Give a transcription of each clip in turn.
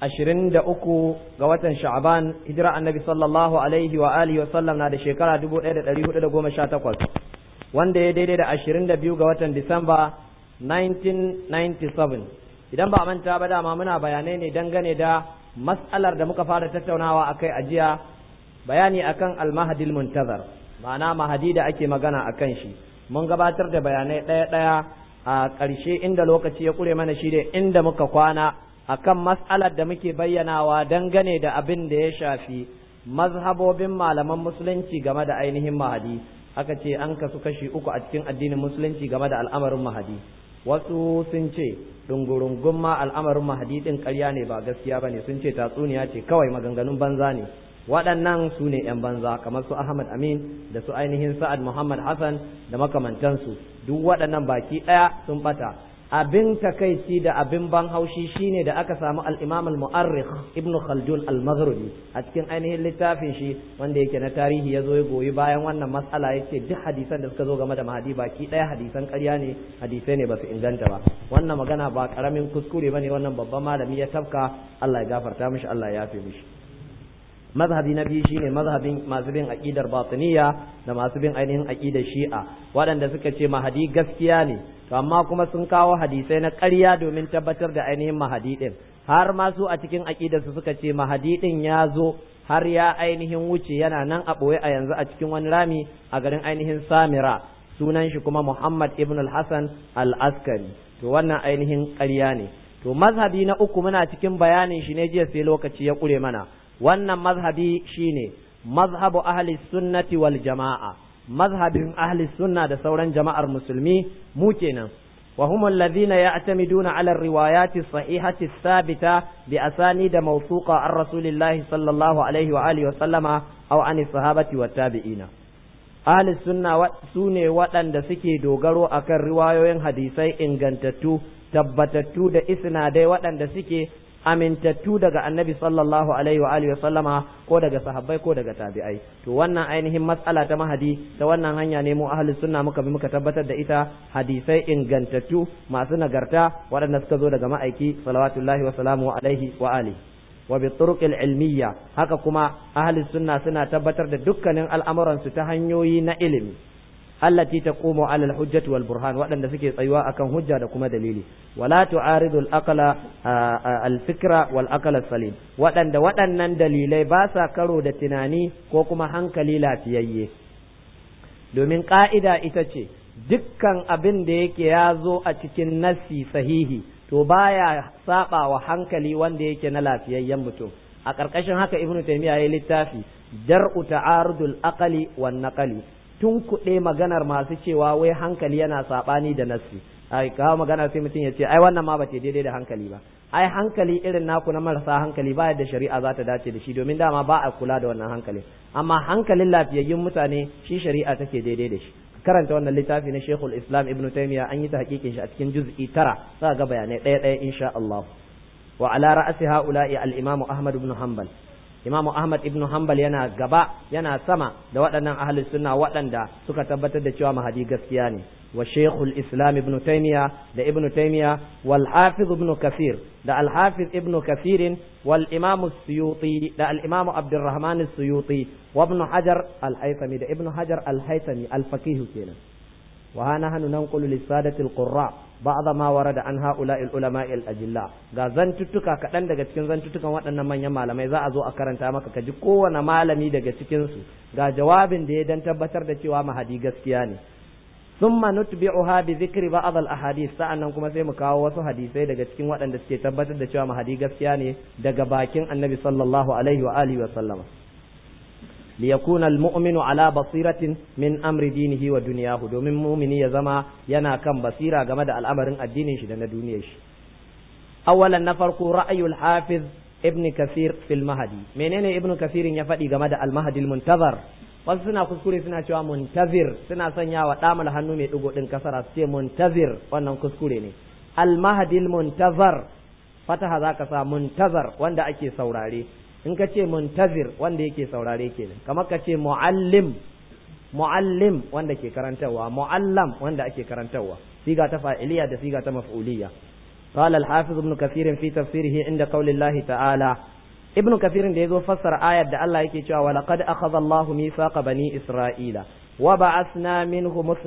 ashirin da uku ga watan sha'aban hijira annabi sallallahu alaihi wa alihi sallam na da shekara dubu ɗaya da ɗari hudu da goma sha takwas wanda ya daidai da ashirin da biyu ga watan disamba 1997 idan ba manta ba dama muna bayanai ne dangane da mas'alar da muka fara tattaunawa a kai ajiya bayani akan almahadil muntazar ma'ana mahadi da ake magana a kan shi mun gabatar da bayanai ɗaya ɗaya a ƙarshe inda lokaci ya ƙure mana shi ne inda muka kwana akan mas'alar da muke bayyanawa dangane da abin da ya shafi mazhabobin malaman musulunci game da ainihin mahadi aka ce an kasu kashi uku a cikin addinin musulunci game da al'amarin mahadi wasu sun ce dungurungun ma al'amarin mahadi din ƙarya ne ba gaskiya ba ne sun ce tatsuniya ce kawai maganganun banza ne waɗannan su ne ‘yan banza kamar su Ahmad Amin da su ainihin Sa'ad Muhammad Hassan da makamantansu duk waɗannan baki ɗaya sun ɓata abin takaici da abin ban haushi shine da aka samu al-Imam al-Mu'arrikh Ibn Khaldun al-Maghribi a cikin ainihin littafin shi wanda yake na tarihi yazo ya goyi bayan wannan mas'ala yace duk hadisan da suka zo game da mahadi baki daya hadisan ƙarya ne hadisai ne ba su inganta ba wannan magana ba karamin kuskure bane wannan babban malami ya tafka Allah ya gafarta mishi Allah ya yafe mishi mazhabi na biyu shine mazhabin masu bin aqidar batiniya da masu bin ainihin aqidar shi'a waɗanda suka ce mahadi gaskiya ne to amma kuma sun kawo hadisai na ƙarya domin tabbatar da ainihin mahadiɗin har ma su a cikin su suka ce mahadiɗin ya zo har ya ainihin wuce yana nan a ɓoye a yanzu a cikin wani rami a garin ainihin samira sunan shi kuma muhammad ibn al-hasan al-askari to wannan ainihin ƙarya ne to mazhabi na uku muna cikin bayanin shi ne jiya sai lokaci ya kure mana wannan mazhabi shine mazhabu ahli sunnati wal jama'a mazhabin ahli sunna da sauran jama'ar musulmi mu kenan wa humul ladhina ya'tamiduna 'ala riwayati sahihati sabita bi asani da mawthuqa an rasulillahi sallallahu alaihi wa alihi wa sallama aw an sahabati wa tabi'ina ahli sunna su ne waɗanda suke dogaro akan riwayoyin hadisai ingantattu tabbatattu da isnadai waɗanda suke amintattu daga annabi sallallahu alaihi wa alihi sallama ko daga sahabbai ko daga tabi'ai to wannan ainihin matsala ta mahadi ta wannan hanya ne mu ahli sunna muka bi muka tabbatar da ita hadisai ingantattu masu nagarta waɗanda suka zo daga ma'aiki salawatullahi wa salamu alaihi wa alihi wa bi turuqil ilmiyya haka kuma ahli sunna suna tabbatar da dukkanin al'amuransu ta hanyoyi na ilimi allati taqumu ala al-hujjati wal burhan waɗanda suke tsayuwa akan hujja da kuma dalili wala tu'aridu al-aqla al-fikra wal aqla salim waɗanda waɗannan dalilai ba sa karo da tunani ko kuma hankali lafiyayye domin ka'ida ita ce dukkan abin da yake ya zo a cikin nassi sahihi to baya saba wa hankali wanda yake na lafiyayyen mutum a ƙarƙashin haka ibnu taymiya ya littafi jar'u ta'arudul aqli wan naqli Tun kuɗe maganar masu cewa wai hankali yana saɓani da nassi ai kawo magana sai mutum ya ce ai wannan ma ba ce daidai da hankali ba ai hankali irin naku na marasa hankali ba da shari'a za ta dace da shi domin dama ba a kula da wannan hankali amma hankalin lafiyayyun mutane shi shari'a take daidai da shi karanta wannan littafi na Sheikhul Islam Ibn Taymiyyah an yi ta hakikin shi a cikin juz'i tara za ga bayanai ɗaya ɗaya insha allahu wa ala ra'asi ha'ula'i al-Imam Ahmad ibn Hanbal Imam Ahmad ibn Hanbal yana gaba yana sama da waɗannan ahlus sunna waɗanda suka tabbatar da cewa mahadi gaskiya ne wa shekul islam ibn taymiya da ibn taymiya wal hafiz ibn kathir da al hafiz ibn kathir wal imam suyuti da al imamu abdurrahman suyuti wa ibn hajar al haitami da ibn hajar al haitami al faqih kenan wa hana hanu nanqulu lisadati al qurra ba'da ma da an ha'ula'il ulama'il ajilla ga zantuttuka kaɗan daga cikin zantuttukan waɗannan manyan malamai za a zo a karanta maka ka ji kowane malami daga cikin su ga jawabin da ya dan tabbatar da cewa mahadi gaskiya ne thumma nutbi'uha bi dhikri ba'd al sa'an nan kuma sai mu kawo wasu hadisai daga cikin waɗanda suke tabbatar da cewa mahadi gaskiya ne daga bakin annabi sallallahu alaihi wa alihi wa sallama liyakuna almu'minu ala basiratin min amri dinihi wa duniyahu domin mu'mini ya zama yana kan basira game da al'amarin addinin shi da na duniyar shi awalan na farko ra'ayul hafiz ibn kasir fil mahadi menene ibn kasirin ya faɗi game da al muntazar wasu suna kuskure suna cewa muntazir suna sanya sanyawa damul hannu mai digo ɗin kasara su ce muntazir wannan kuskure ne Almahadil muntazar fataha zaka sa muntazar wanda ake saurare in ka ce muntazir wanda yake saurare nan kamar ka ce muallim muallim wanda ke karantarwa muallam wanda ake karantarwa siga ta fa'iliya da siga ta maf'uliya قال الحافظ Ibn كثير في تفسيره عند قول الله ta'ala. Ibn كثير da yazo fassara ayar da Allah yake cewa walaqad akhadha Allahu mithaqa bani Isra'ila wa ba'athna minhum 12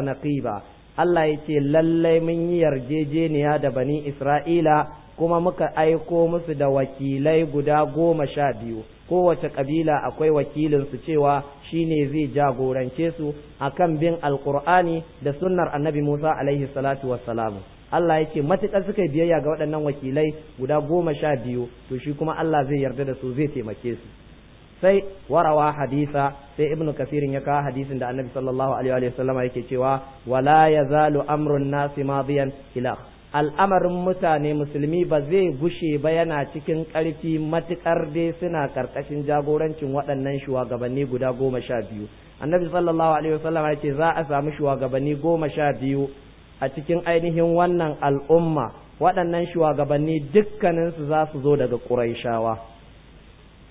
naqiba Allah yace lalle mun yi yarjejeniya da bani Isra'ila kuma muka aiko musu da wakilai guda goma sha biyu kowace kabila akwai wakilinsu cewa shi ne zai jagorance su akan bin alkur'ani da sunnar annabi musa alaihi salatu wassalam Allah ya ce matuƙar suka biyayya ga waɗannan wakilai guda goma sha biyu to shi kuma Allah zai yarda da su zai taimake su sai warawa hadisa sai Ibn kasirin ya kawo hadisin da annabi sallallahu alaihi wa sallama yake cewa wala yazalu amrun nasi madiyan ila al'amarin mutane musulmi ba zai gushe ba yana cikin ƙarfi matuƙar dai suna ƙarƙashin jagorancin waɗannan shugabanni guda goma sha biyu annabi sallallahu alaihi wasallam ya ce za a samu shugabanni goma sha biyu a cikin ainihin wannan al'umma waɗannan shugabanni dukkaninsu za su zo daga ƙuraishawa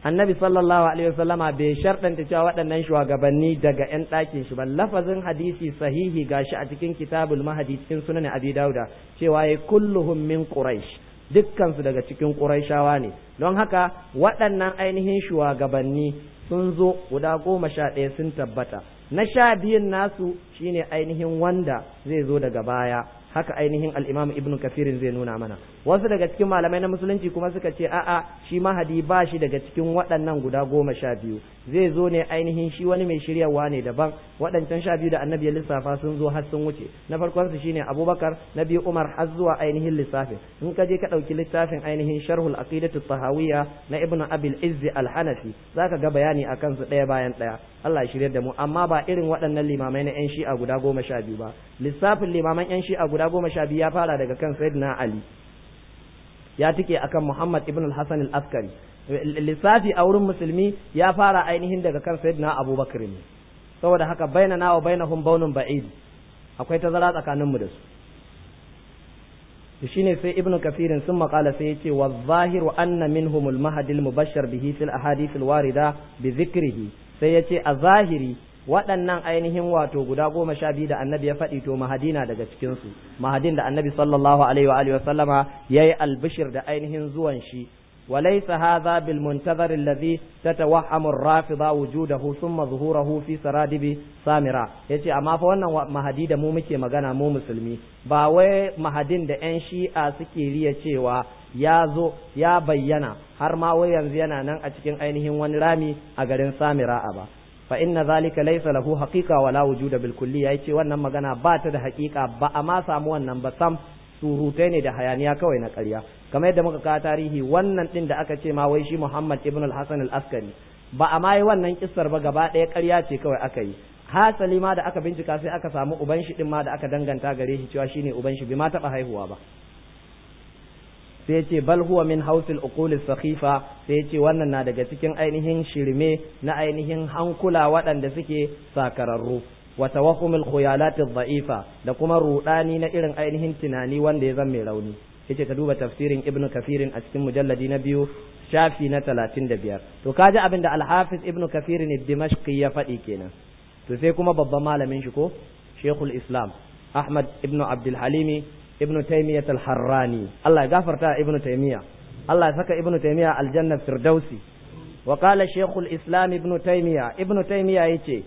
annabi sallallahu alaihi wasallama bai sharɗanta cewa waɗannan shugabanni daga 'yan ɗakin shi ba lafazin hadisi sahihi gashi a cikin kitabul mahadi cikin sunan abi dauda cewa ya kulluhum min quraish dukkan daga cikin quraishawa ne don haka waɗannan ainihin shugabanni sun zo guda goma sha ɗaya sun tabbata na sha biyun nasu shine ainihin wanda zai zo daga baya haka ainihin al-Imam Ibn Kathir zai nuna mana wasu daga cikin malamai na musulunci kuma suka ce a'a shi mahadi ba shi daga cikin waɗannan guda goma sha biyu zai zo ne ainihin shi wani mai shiryawa ne daban waɗancan sha biyu da annabi ya lissafa sun zo har sun wuce na farkon su shine Abubakar na biyu Umar har zuwa ainihin lissafi in ka je ka ɗauki littafin ainihin Sharhul Aqidatu Sahawiyya na Ibn Abil Izzi Al-Hanafi zaka ga bayani akan su ɗaya bayan ɗaya Allah ya shirya da mu amma ba irin waɗannan limamai na 'yan shi'a guda goma sha biyu ba lissafin limaman 'yan shi'a guda goma sha biyu ya fara daga kan sayyidina ali ya tike akan muhammad ibn al-hasan al-askari lissafi a wurin musulmi ya fara ainihin daga kan sayyidina abubakar ne saboda haka na wa bainahum baunun ba'id akwai tazara tsakaninmu da su shine sai ibnu kafirin sun makala sai ya ce wa zahiru anna minhumul mahdil mubashshar bihi fil ahadith warida bi dhikrihi sai ya ce a zahiri waɗannan ainihin wato guda goma sha biyu da annabi ya faɗi to mahadina daga cikinsu mahadin da annabi sallallahu alaihi wa sallama ya yi albishir da ainihin zuwan shi وليس هذا بالمنتظر الذي تتوهم الرافضة وجوده ثم ظهوره في samira. Ya ce amma fa wannan mahadi da mu muke magana mu musulmi ba wai mahadin da yan shi'a suke riya cewa ya zo ya bayyana har ma wai yanzu yana nan a cikin ainihin wani rami a garin samira'a ba fa inna zalika laysa lahu haqiqa wala wujuda bil kulli ce wannan magana ba ta da haqiqa ba a ma samu wannan ba sam surutai ne da hayaniya kawai na ƙarya kamar yadda muka kawo tarihi wannan ɗin da aka ce ma wai shi Muhammad ibn al-Hasan al-Askari ba a ma wannan kissar ba gaba ɗaya ƙarya ce kawai aka yi hasali ma da aka bincika sai aka samu uban shi din ma da aka danganta gare shi cewa shine uban shi bai ma taɓa haihuwa ba sai ya ce bal huwa min hausil uquli sakhifa sai ya ce wannan na daga cikin ainihin shirme na ainihin hankula waɗanda suke sakararru wa tawahum al dhaifa da kuma rudani na irin ainihin tunani wanda ya zama mai rauni yace ka duba tafsirin ibnu kafirin a cikin mujalladi na biyu shafi na biyar to kaji abin da alhafiz ibnu kafirin ad-dimashqi ya faɗi kenan to sai kuma babban malamin shi ko shekul islam ahmad ibnu abdul halimi ibnu taymiyah al-harrani Allah ya gafarta ibnu taymiyah Allah ya saka ibnu taymiyah aljanna firdausi wa qala islam ibnu taimiya ibnu taymiyah yace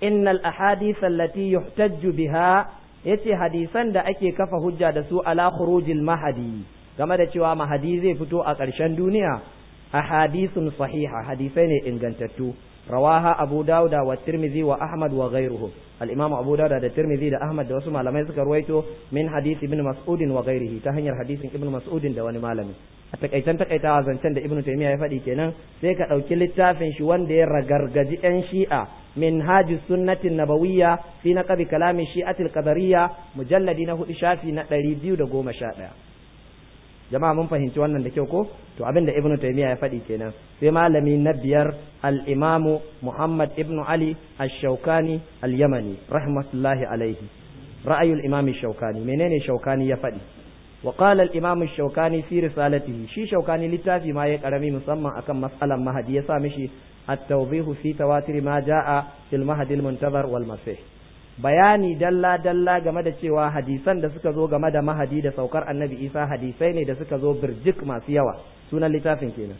innal ahadith allati yuhtajju biha yace hadisan da ake kafa hujja da su ala khurujil mahadi game da cewa mahadi zai fito a ƙarshen duniya ahadithun sahiha hadisai ne ingantattu rawaha abu dauda wa tirmizi wa ahmad wa ghairuhu al-imam abu dauda da tirmizi da ahmad da wasu malamai suka ruwaito min hadisi ibn mas'ud wa ghairihi ta hanyar hadisin ibn mas'ud da wani malami a takaitan takaitawa zancen da ibnu Taimiyya ya faɗi kenan sai ka ɗauki littafin shi wanda ya ragargaji yan shi'a min haji sunnatin nabawiyya fi na kabi kalamin shi'atil qadariyya mujalladi na hudu shafi na ɗari biyu da goma sha ɗaya jama'a mun fahimci wannan da kyau ko to abin da ibnu Taimiyya ya faɗi kenan sai malami na biyar al imamu muhammad ibnu ali ash-shawkani al-yamani rahmatullahi alaihi ra'ayul imam ash-shawkani menene shawkani ya faɗi wa qala imam shaukani fi risalatihi shi shaukani littafi ma ya karami musamman akan matsalar mahadi ya sa mishi at-tawbihu fi tawatir ma jaa fil mahdi muntazar wal bayani dalla dalla game da cewa hadisan da suka zo game da mahadi da saukar annabi isa hadisai ne da suka zo birjik masu yawa sunan littafin kenan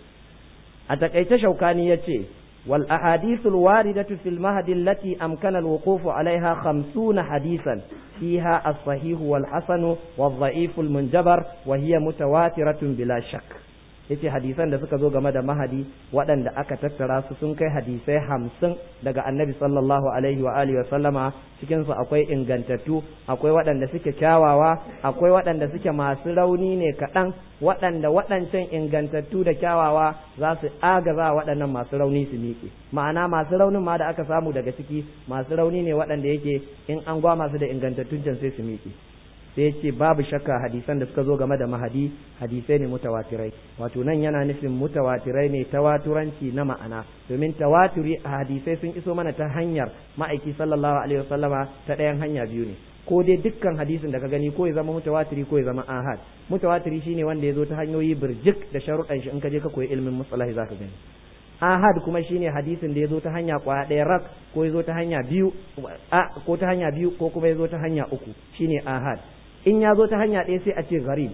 a takaice shaukani ya ce والأحاديث الواردة في المهد التي أمكن الوقوف عليها خمسون حديثا فيها الصحيح والحسن والضعيف المنجبر وهي متواترة بلا شك yace hadisan da suka zo game da mahadi waɗanda aka tattara su sun kai hadisai hamsin daga annabi sallallahu alaihi wa alihi wa sallama cikin su akwai ingantattu akwai waɗanda suke kyawawa akwai waɗanda suke masu rauni ne kaɗan waɗanda waɗancan ingantattu da kyawawa za su agaza waɗannan masu rauni su miƙe ma'ana masu raunin ma da aka samu daga ciki masu rauni ne waɗanda yake in an gwa masu da ingantattun can sai su miƙe sai ce babu shakka hadisan da suka zo game da mahadi hadisai ne mutawatirai wato nan yana nufin mutawatirai ne tawaturanci na ma'ana domin tawaturi a hadisai sun iso mana ta hanyar ma'aiki sallallahu alaihi wasallama ta ɗayan hanya biyu ne ko dai dukkan hadisin da ka gani ko ya zama mutawatiri ko ya zama ahad mutawatiri shine wanda ya zo ta hanyoyi birjik da sharuɗan shi in ka je ka koyi ilmin musalahi zaka gani ahad kuma shine hadisin da ya zo ta hanya kwaya ɗaya rak ko ya zo ta hanya biyu ko ta hanya biyu ko kuma ya zo ta hanya uku shine ahad in ya zo ta hanya ɗaya sai a ce gharib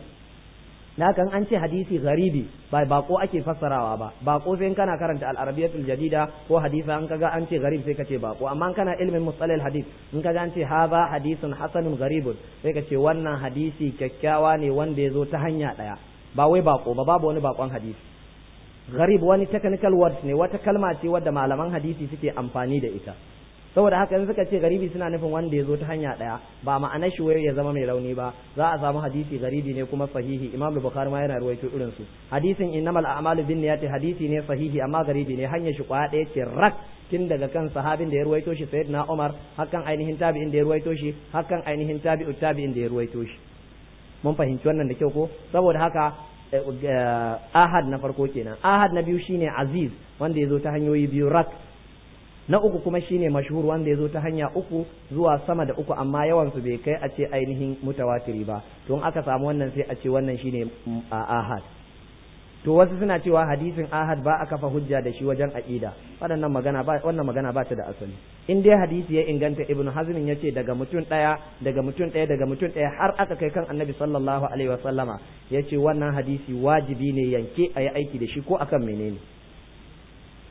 na kan an ce hadisi garibi ba bako ake fassarawa ba bako sai kana karanta al-arabiyatul jadida ko hadisa an kaga an ce garib sai kace bako amma kana ilmin musalal hadith in kaga an ce hadha hadithun hasanun garibun sai kace wannan hadisi kyakkyawa ne wanda ya zo ta hanya ɗaya. ba wai bako ba babu wani bakon hadisi gharib wani technical word ne wata kalma ce wadda malaman hadisi suke amfani da ita saboda haka in suka ce garibi suna nufin wanda ya zo ta hanya ɗaya ba ma'anar shi wai ya zama mai rauni ba za a samu hadisi garibi ne kuma sahihi imam bukhari ma yana ruwaito irin su hadisin innamal a'malu niyyati hadisi ne sahihi amma garibi ne hanyar shi kwaya ɗaya ce rak tun daga kan sahabin da ya ruwaito shi sayyidina umar hakan ainihin tabi'in da ya ruwaito shi hakan ainihin tabi'u tabi'in da ya ruwaito shi mun fahimci wannan da kyau ko saboda haka eh, eh, ahad na farko kenan ahad na biyu shine aziz wanda ya zo ta hanyoyi biyu rak na uku kuma shine mashhur wanda ya zo ta hanya uku zuwa sama da uku amma yawan su bai kai a ce ainihin mutawatiri ba to in aka samu wannan sai a ce wannan shine mm, ahad to wasu suna cewa hadisin ahad ba a kafa hujja da shi wajen aqida waɗannan magana ba wannan magana ba ta da asali in dai hadisi ya inganta ibnu hazmin yace daga mutum daya daga mutum daya daga mutum daya har aka kai kan annabi sallallahu alaihi wasallama yace wannan hadisi wajibi ne yanke a yi aiki da shi ko akan menene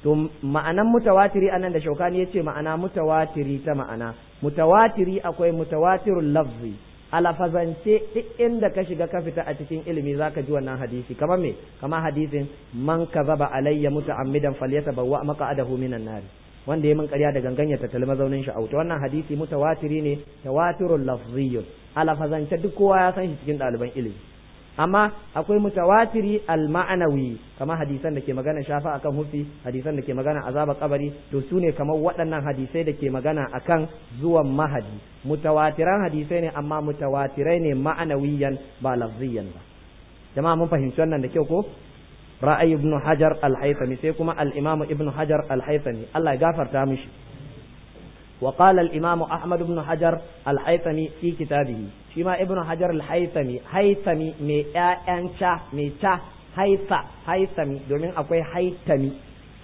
to ma'anan mutawatiri anan da shaukani ce ma'ana mutawatiri ta ma'ana mutawatiri akwai mutawatirul lafzi alafazance duk inda ka shiga ka fita a cikin ilimi zaka ji wannan hadisi kamar me kamar hadisin man kazaba alayya muta'ammidan maka maq'adahu minan nar wanda ya min karya da gangan ya tattali mazaunin shi auta wannan hadisi mutawatiri ne tawatirun lafziyyun alafazance duk kowa ya san shi cikin ɗaliban ilimi amma akwai mutawatiri al-ma'anawi kamar hadisan da ke magana shafa akan hufi hadisan da ke magana azaba kabari to su ne kamar waɗannan hadisai da ke magana akan zuwan mahadi mutawatiran hadisai ne amma mutawatirai ne ma'anawiyan ba lafziyan ba jama'a mun fahimci wannan da kyau ko ra'ayi ibn hajar al-haythami sai kuma al-imam ibn hajar al-haythami Allah ya gafarta mishi وقال الإمام أحمد بن حجر الحيثمي في كتابه shima ابن Hajar الحيثمي حيثمي مي أنشا مي تا haitha haithami domin akwai haitami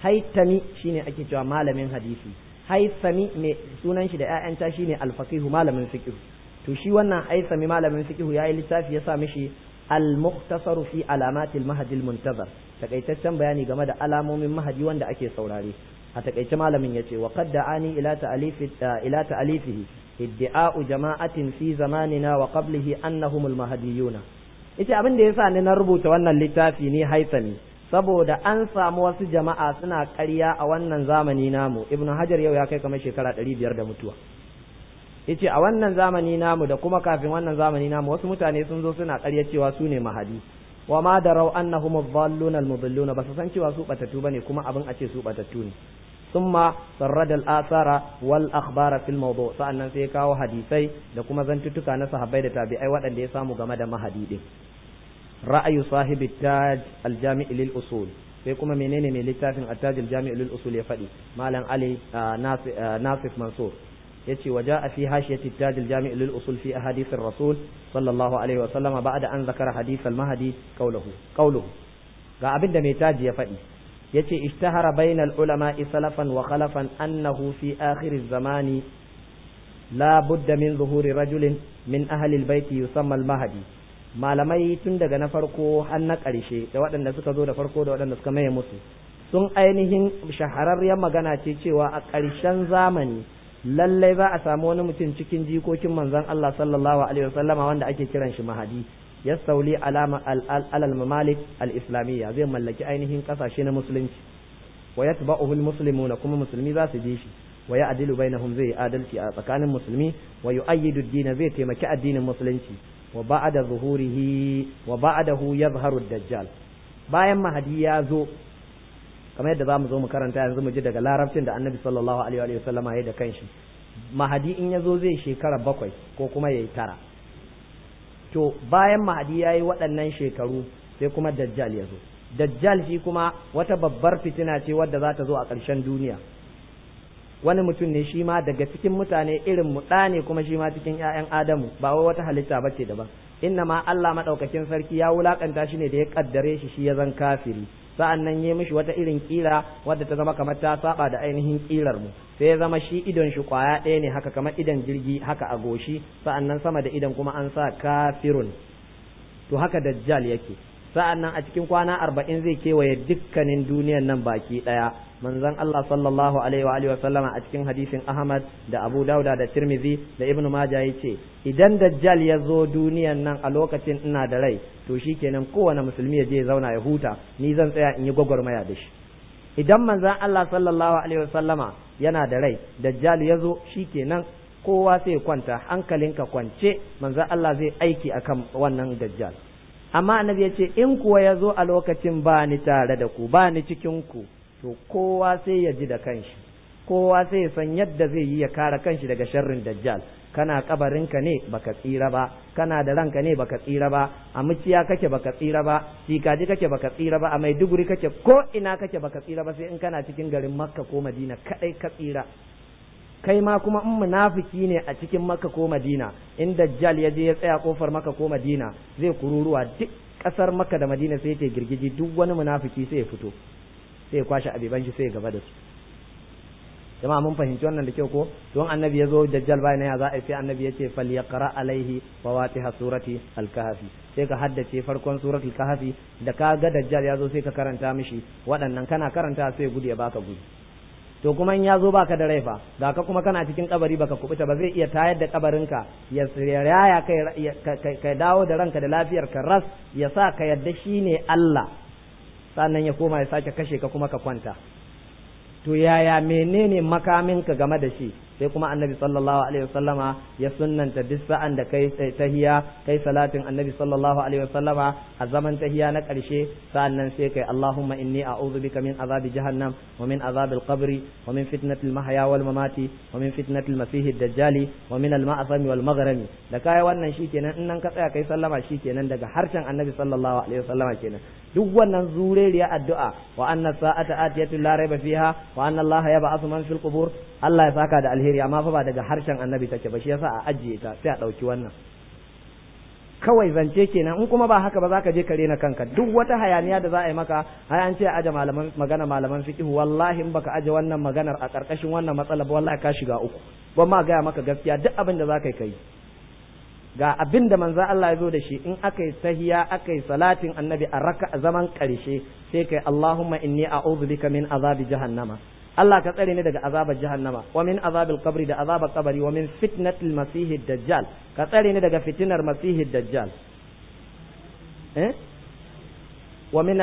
haitami shine ake cewa malamin hadisi haithami mai sunan shi da yayanca shine alfaqihu malamin fikihu to shi wannan haithami malamin fikihu ya littafi ya sa mishi al-mukhtasar fi alamat al muntazar takaitaccen bayani game da alamomin mahdi wanda ake saurare a takaice malamin yace wa qad ani ila ta'alifi ila ta'alifihi iddi'a'u jama'atin fi zamanina wa qablihi annahum al-mahdiyuna abin da yasa ni na rubuta wannan littafi ni haisami saboda an samu wasu jama'a suna ƙarya a wannan zamani namu ibnu hajar yau ya kai kamar shekara biyar da mutuwa yace a wannan zamani namu da kuma kafin wannan zamani namu wasu mutane sun zo suna ƙarya cewa su ne mahadi wa ma darau annahum adh-dhalluna al-mudhilluna ba su san cewa su batattu ne kuma abin a ce su batattu ne thumma sarrada al-athara wal akhbara fil mawdu' nan sai kawo hadisai da kuma zantuttuka na sahabbai da tabi'ai waɗanda ya samu game da mahadi din ra'ayu sahibi taj lil usul sai kuma menene mai littafin attajir jami'i lil usul ya faɗi malam ali ah, nasif ah, mansur yace waja fi hashiyati taj al-jami' lil usul fi ahadith ar-rasul sallallahu alaihi wa sallam ba'da an zakara hadith al-mahdi qawluhu qawluhu ga abin da mai taji ya faɗi yace ishtahara bainal ulama salafan wa khalafan annahu fi akhir az-zamani la budda min zuhuri rajulin min ahli al-bait yusamma al-mahdi malamai tun daga na farko har na ƙarshe da waɗanda suka zo da farko da waɗanda suka maye musu sun ainihin shahararriyar magana ce cewa a ƙarshen zamani lallai ba a samu wani mutum cikin jikokin manzon Allah sallallahu alaihi wasallama wanda ake kiran shi mahadi yastauli alama alal mamalik al islamiyya zai mallaki ainihin kasashe na musulunci wa yatba'uhu al kuma musulmi za su ji shi wa ya'dilu bainahum zai adalci a tsakanin musulmi wa yu'ayyidu ad zai taimaki addinin musulunci wa ba'da zuhurihi wa ba'dahu yadhharu ad-dajjal bayan mahadi ya zo kamar yadda mu zo mu karanta yanzu mu ji daga larabcin da annabi sallallahu alaihi wa sallam ya da kanshi mahadi in yazo zai shekara bakwai ko kuma yayi tara to bayan mahadi yayi waɗannan shekaru sai kuma dajjal yazo dajjal shi kuma wata babbar fitina ce wadda za ta zo a ƙarshen duniya wani mutum ne shi ma daga cikin mutane irin mu ɗa kuma shi ma cikin ƴaƴan adamu ba wai wata halitta ba daban inna ma Allah maɗaukakin sarki ya wulakanta shi ne da ya ƙaddare shi shi ya zan kafiri sa'an nan mushi mishi wata irin kila wadda ta zama kamar ta saba da ainihin kilar mu sai ya zama shi idon shi kwaya ɗaya ne haka kamar idon jirgi haka a goshi sa'an nan sama da idon kuma an sa kafirun to haka dajjal yake sa'an nan a cikin kwana arba'in zai kewaye dukkanin duniyan nan baki ɗaya manzon Allah sallallahu alaihi wa a cikin hadisin Ahmad da Abu Dauda da Tirmidhi da Ibn Majah ce idan Dajjal ya zo duniyan nan a lokacin ina da rai to shikenan kowane musulmi ya je ya zauna ya huta ni zan tsaya in yi gwagwarmaya da shi idan manzon Allah sallallahu alaihi wa yana da rai Dajjal ya zo shi shikenan kowa sai kwanta hankalinka kwance manzon Allah zai aiki akan wannan Dajjal amma annabi ya ce in kuwa ya zo a lokacin ba ni tare da ku ba ni cikin ku to kowa sai ya ji da kanshi kowa sai ya san yadda zai yi ya kara kanshi daga sharrin dajjal kana kabarinka ne baka tsira ba kana da ranka ne baka tsira ba a muciya kake baka tsira ba sikaji kake baka tsira ba a maiduguri kake ko ina kake baka tsira ba sai in kana cikin garin makka ko madina kadai ka tsira kai ma kuma in munafiki ne a cikin makka ko madina in dajjal ya je ya tsaya kofar makka ko madina zai kururuwa duk kasar makka da madina sai ta girgiji duk wani munafiki sai ya fito sai ya kwashe abiban shi sai ya gaba da su jama'a mun fahimci wannan da kyau ko don annabi ya zo dajjal bayan ya za a sai annabi ya ce falyaqra alaihi fawatiha surati al sai ka haddace farkon surati al da ka ga dajjal ya zo sai ka karanta mishi waɗannan kana karanta sai gudu ya baka gudu to kuma in ya zo baka da rai fa ga ka kuma kana cikin kabari baka kubuta ba zai iya tayar da kabarinka ya raya ka dawo da ranka da lafiyar ka ras ya sa ka yadda shi ne Allah sannan ya koma ya sake kashe ka kuma ka kwanta to yaya menene makaminka game da shi sai kuma annabi sallallahu alaihi wasallama ya sunnanta duk sa'an da kai tahiya kai salatin annabi sallallahu alaihi wasallama a zaman tahiya na sa'an nan sai kai Allahumma inni a'udhu bika min azabi jahannam wa min azabil qabri wa min fitnatil mahya wal mamati wa min fitnatil masihid dajjali wa min al ma'asami wal maghrami da kai wannan shikenan in nan ka tsaya kai sallama shikenan daga harshen annabi sallallahu alaihi wasallama kenan duk wannan zureriya addu'a wa anna sa'ata atiyatu la raiba fiha wa anna Allah yab'athu man fil qubur Allah ya saka da alheri alheri amma fa ba daga harshen annabi take ba shi yasa a ajiye ta sai a ɗauki wannan kawai zance kenan in kuma ba haka ba zaka ka je ka rena kanka duk wata hayaniya da za a yi maka ai a ce aje malaman magana malaman fiqh wallahi in baka aje wannan maganar a karkashin wannan matsala ba wallahi ka shiga uku ban ma gaya maka gaskiya duk abin da zaka kai ga abin da manzo Allah ya zo da shi in aka sahiya tahiya salatin annabi a raka'a zaman karshe sai kai Allahumma inni a'udhu bika min azabi jahannama Allah ka tsare ni daga azabar jahannama wa min azabil qabri da azabar qabri wa min fitnatil masihid dajjal ka tsare ni daga fitinar masihid dajjal eh wa min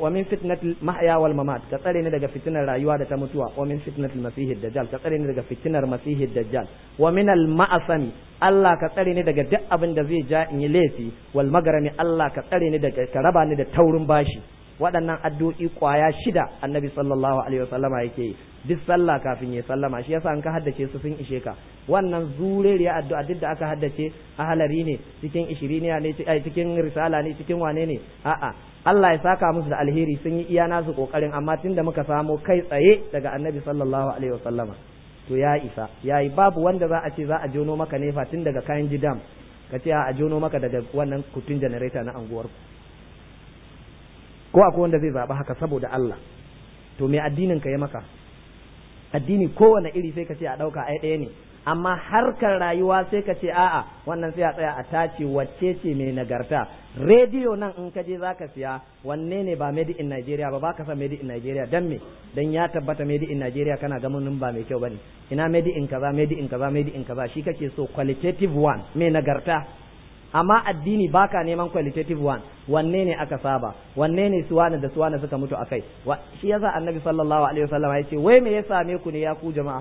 wa min fitnatil mahya wal mamat ka tsare ni daga fitinar rayuwa da ta mutuwa wa min fitnatil masihid dajjal ka tsare ni daga fitinar masihid dajjal wa min al ma'asami Allah ka tsare ni daga duk abin da zai ja in yi laifi wal magarami Allah ka tsare ni daga ka raba ni da taurin bashi waɗannan addu'o'i kwaya shida annabi sallallahu alaihi wasallama yake yi duk sallah kafin ya sallama shi yasa an ka haddace su sun ishe ka wannan zuriya addu'a duk da aka haddace a halari ne cikin ishiriniya ne cikin risala ne cikin wane ne a'a Allah ya saka musu da alheri sun yi iya nasu kokarin amma da muka samo kai tsaye daga annabi sallallahu alaihi wasallama to ya isa yayi babu wanda za a ce za a jono maka nefa tun daga kayan jidam ka ce a jono maka daga wannan kutun janareta na anguwarku ko akwai wanda zai zaɓi haka saboda Allah to me addinin ka ya maka addini kowane iri sai ka ce a ɗauka ai ɗaya ne amma harkar rayuwa sai ka ce a'a wannan sai a tsaya a tace wacce ce mai nagarta rediyo nan in ka je zaka siya wanne ne ba made in Nigeria ba baka san made in Nigeria dan me dan ya tabbata made in Nigeria kana ga mun ba mai kyau bane ina made in kaza made in kaza made in kaza shi kake so qualitative one mai nagarta amma addini baka neman qualitative one wanne ne aka saba wanne ne suwana da suwana suka mutu akai shi yasa annabi sallallahu alaihi wasallam ya ce wai me ya same ku ne ya ku jama'a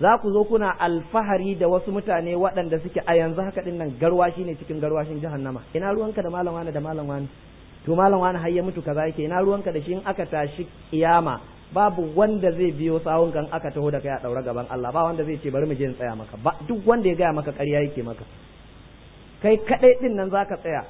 za ku zo kuna alfahari da wasu mutane waɗanda suke a yanzu haka din nan garwashi ne cikin garwashin jahannama ina ruwanka da malam wani da malam wani to malam wani har ya mutu kaza yake ina ruwanka da shi in aka tashi kiyama babu wanda zai biyo sawun kan aka taho da kai a daura gaban Allah ba wanda zai ce bari mu je in tsaya maka ba duk wanda ya gaya maka ƙarya yake maka kai kaɗai din nan za ka tsaya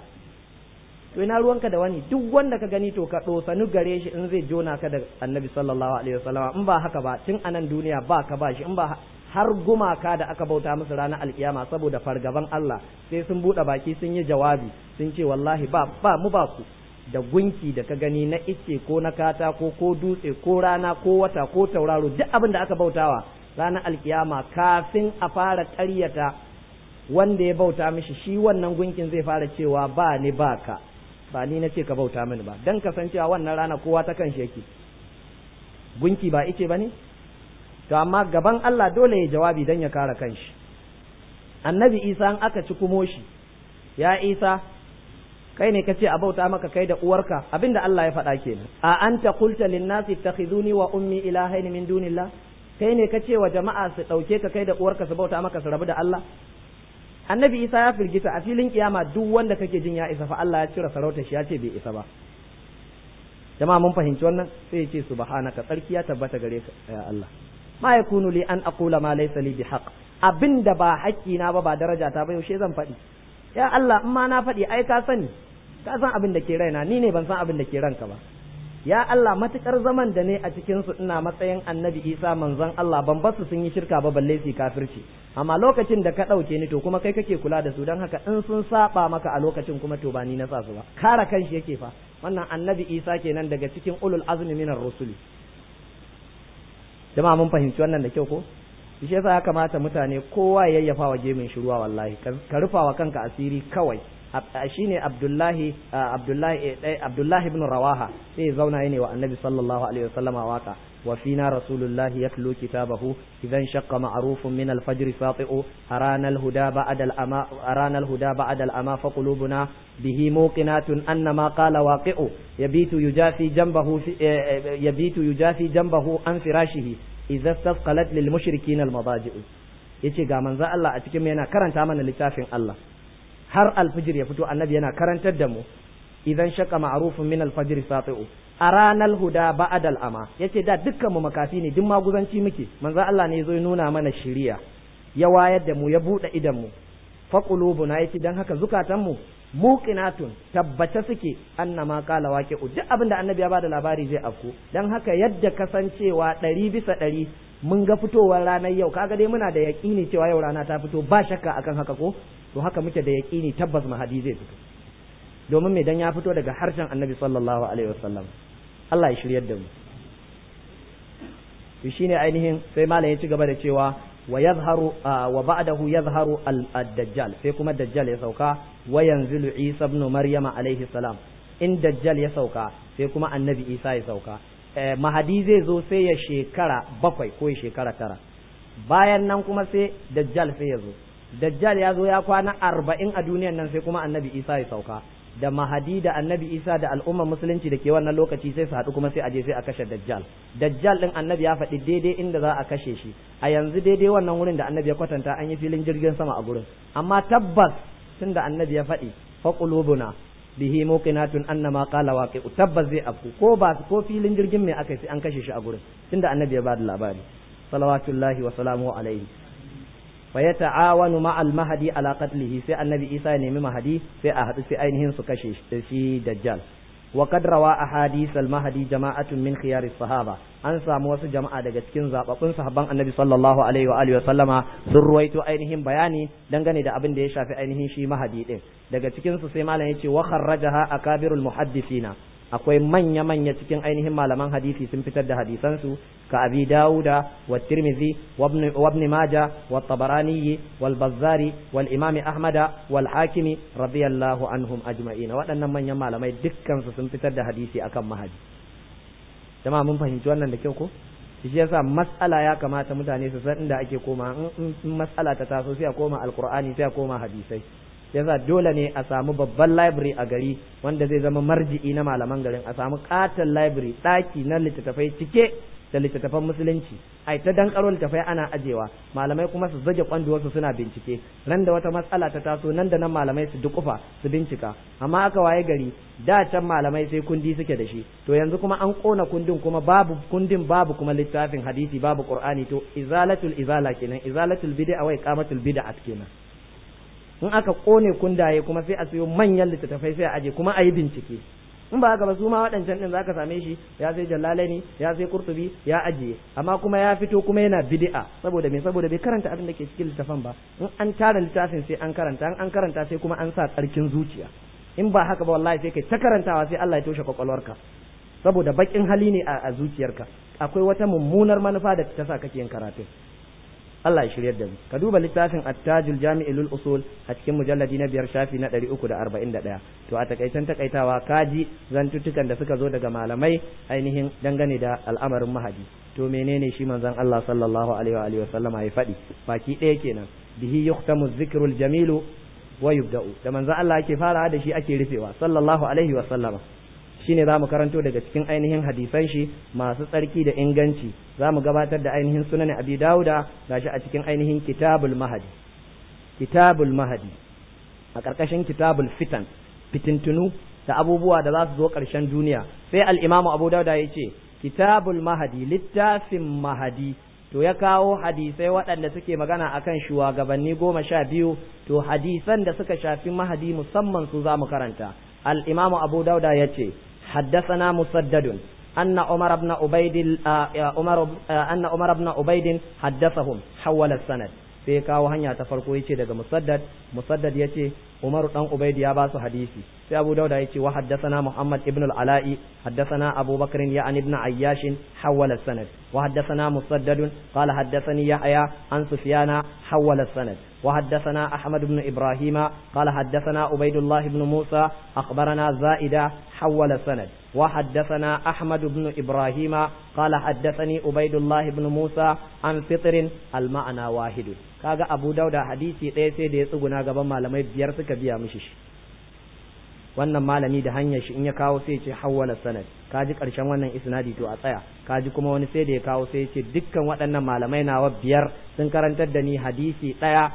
to ina ruwanka da wani duk wanda ka gani to ka dosani gare shi in zai jona ka da annabi sallallahu alaihi wasallam in ba haka ba tun anan duniya ba ka ba shi in ba har gumaka da aka bauta musu ranar alkiyama saboda fargaban Allah sai sun buɗe baki sun yi jawabi sun ce wallahi ba ba mu ba ku da gunki da ka gani na ice ko na katako ko dutse ko rana ko wata ko tauraro duk abin da aka bautawa ranar alkiyama kafin a fara ƙaryata wanda ya bauta mishi shi wannan gunkin zai fara cewa ba ni ba ka ba ni na ce ka bauta mini ba dan kasancewa wannan rana kowa ta kan yake gunki ba ice ba ne to amma gaban Allah dole ya jawabi dan ya kare kanshi annabi isa an aka ci kumo shi ya isa kai ne kace a bauta maka kai da uwarka abinda Allah ya faɗa kenan a anta qulta lin nasi takhizuni wa ummi ilahaini min dunillah kai ne kace wa jama'a su ɗauke ka kai da uwarka su bauta maka su rabu da Allah annabi isa ya firgita a filin kiyama duk wanda kake jin ya isa fa Allah ya cire sarauta shi ya ce bai isa ba jama'a mun fahimci wannan sai ya ce subhanaka tsarki ya tabbata gare ka ya Allah ma yakunu li an aqula ma laysa li bihaq abinda ba haƙƙi na ba ba daraja ta ba yaushe zan faɗi ya Allah in ma na faɗi ai ka sani ka san abin da ke raina ni ne ban san abin da ke ranka ba ya Allah matukar zaman da ne a cikin su ina matsayin annabi Isa manzon Allah ban basu sun yi shirka ba balle su kafirci amma lokacin da ka dauke ni to kuma kai kake kula da su dan haka in sun saba maka a lokacin kuma to ba ni na sa su ba kara kanshi yake fa wannan annabi Isa kenan daga cikin ulul azmi minar rusuli jama'a mun fahimci wannan da kyau ko shi yasa ya kamata mutane kowa yayyafa wa gemin shiruwa wallahi ka rufa wa kanka asiri kawai shine Abdullahi Abdullahi eh, Abdullahi ibn Rawaha sai zauna yana wa Annabi sallallahu alaihi wasallama waka wa fina Rasulullah yatlu kitabahu idan shaqqa ma'rufun min al-fajr fati'u arana huda ba'da al-ama arana huda ba'da al-ama fa qulubuna bihi muqinatun anna ma qala waqi'u yabitu yujafi janbahu eh, eh, yabitu yujafi janbahu an firashihi idza istasqalat lil mushrikin al-madaji'u yace ga manzo Allah a cikin yana karanta mana littafin Allah har alfijir ya fito annabi yana karantar da mu idan shaka ma'rufun min alfajr sati'u a ranar huda ba'adal ama yace da dukkan mu makafi ne duk maguzanci muke manzo Allah ne ya ya nuna mana shiriya ya wayar da mu ya bude idan mu fa qulubuna yace dan haka zukatan mu muqinatun tabbata suke annama qala waqi'u duk abinda annabi ya bada labari zai afku dan haka yadda kasancewa ɗari bisa ɗari mun ga fitowar ranar yau kaga dai muna da yaƙini cewa yau rana ta fito ba shakka akan haka ko to haka muke da yaƙini tabbas mahadi zai fito domin me dan ya fito daga harshen annabi sallallahu alaihi wasallam Allah ya shiryar da mu to shine ainihin sai malam ya ci gaba da cewa wa yazharu wa ba'dahu yazharu al dajjal sai kuma dajjal ya sauka wa yanzilu isa ibn maryama alaihi salam in dajjal ya sauka sai kuma annabi isa ya sauka Eh, mahadi zai zo sai ya shekara bakwai ko ya shekara tara bayan nan kuma sai dajjal sai ya zo dajjal ya zo ya kwana arba'in a duniyan nan sai kuma annabi isa ya sauka da mahadi da annabi isa da al'ummar musulunci da ke wannan lokaci sai su haɗu kuma sai a je sai a kashe dajjal dajjal ɗin annabi ya faɗi daidai inda za a kashe shi a yanzu daidai wannan wurin da annabi ya kwatanta an yi filin jirgin sama a gurin amma tabbas tun da annabi ya faɗi faƙulubuna bihi muqinatun annama qala waqi tabbas zai afku ko ba ko filin jirgin mai aka sai an kashe shi a gurin tunda annabi ya bada labari salawatullahi wa salamuhu alaihi fa yata'awanu ma al-mahdi ala qatlihi sai annabi Isa ya nemi mahdi sai a hadu sai ainihin su kashe shi dajjal wa qad rawa ahadith al-mahdi jama'atun min khiyar as-sahaba an samu wasu jama'a daga cikin zababbun sahabban annabi sallallahu alaihi wa sallama sun ruwaito ainihin bayani dangane da abin da ya shafi ainihin shi mahadi din daga cikinsu sai malam wakar rajaha a kharrajaha akabirul na. akwai manya-manya cikin ainihin malaman hadisi sun fitar da hadisansu ka abi dawuda wa tirmizi wa ibn maja wa tabarani wal bazzari wal imami ahmada wal hakimi radiyallahu anhum ajma'ina waɗannan manyan malamai dukkan su sun fitar da hadisi akan mahadi jama'a mun fahimci wannan da kyau ko shi yasa mas'ala ya kamata mutane su san inda ake koma in mas'ala ta taso sai a koma alqur'ani sai a koma hadisai yasa dole ne a samu babban library a gari wanda zai zama marji'i na malaman garin a samu katon library ɗaki na littattafai cike da littattafan musulunci ai ta dan karo littattafai ana ajewa malamai kuma su zage kwanduwarsu suna bincike nan da wata matsala ta taso nan da nan malamai su dukufa su bincika amma aka waye gari da can malamai sai kundi suke da shi to yanzu kuma an kona kundin kuma babu kundin babu kuma littafin hadisi babu qur'ani to izalatul izala kenan izalatul bid'a wa iqamatul bid'a kenan in aka kone kundaye kuma sai a siyo manyan littattafai sai a aje kuma a yi bincike in ba haka ba su ma waɗancan ɗin za ka same shi ya sai jallalaini ya sai kurtubi ya ajiye amma kuma ya fito kuma yana bid'a saboda me saboda bai karanta abin da ke cikin littafin ba in an tara littafin sai an karanta in an karanta sai kuma an sa tsarkin zuciya in ba haka ba wallahi sai kai ta karantawa sai Allah ya toshe kwakwalwarka saboda baƙin hali ne a zuciyarka akwai wata mummunar manufa da ta sa kake yin karatun Allah ya shiryar da mu ka duba littafin attajul jami'il usul a cikin mujalladi na biyar shafi na 341 to a takaitan takaitawa kaji zantuttukan da suka zo daga malamai ainihin dangane da al'amarin mahadi to menene shi manzon Allah sallallahu alaihi wa sallama ya faɗi baki ɗaya kenan bihi yuhtamu dhikrul jamilu wa yubda'u da manzo Allah yake farawa da shi ake rufewa sallallahu alaihi wa sallama shine za mu karanto daga cikin ainihin hadisan shi masu tsarki da inganci za mu gabatar da ainihin sunan abi dauda shi a cikin ainihin kitabul mahadi kitabul mahadi a ƙarƙashin kitabul fitan fitintunu da abubuwa da za su zo karshen duniya sai al-imamu abu dauda ya ce kitabul mahadi littafin mahadi to ya kawo hadisai waɗanda suke magana a kan shugabanni goma sha biyu to hadisan da suka shafi mahadi musamman su za mu karanta al'imamu abu dauda ya ce حدثنا مسدد أن عمر بن عبيد عمر أن عمر بن عبيد حدثهم حول السند sai kawo hanya ta farko yace daga musaddad musaddad yace Umaru dan Ubaidi ya ba su hadisi sai Abu Dawud ya ce wa haddathana Muhammad ibn al-Ala'i haddathana Abu Bakr ya an ibn Ayyash hawala sanad wa haddathana Musaddad qala haddathani Yahya an Sufyana hawala sanad wa haddathana Ahmad ibn Ibrahim qala haddathana Ubaidullah ibn Musa akhbarana Zaida hawala sanad wa haddathana Ahmad ibn ibrahima qala haddathani Ubaidullah ibn Musa an Fitrin al-ma'na wahid kaga Abu Dawud hadisi daya sai da ya tsuguna gaban malamai biyar suka biya mishi shi wannan malami da hanyar shi in ya kawo sai ce hawwala sanad ka ji karshen wannan isnadi to a tsaya ka ji kuma wani sai da ya kawo sai ce dukkan waɗannan malamai nawa biyar sun karantar da ni hadisi ɗaya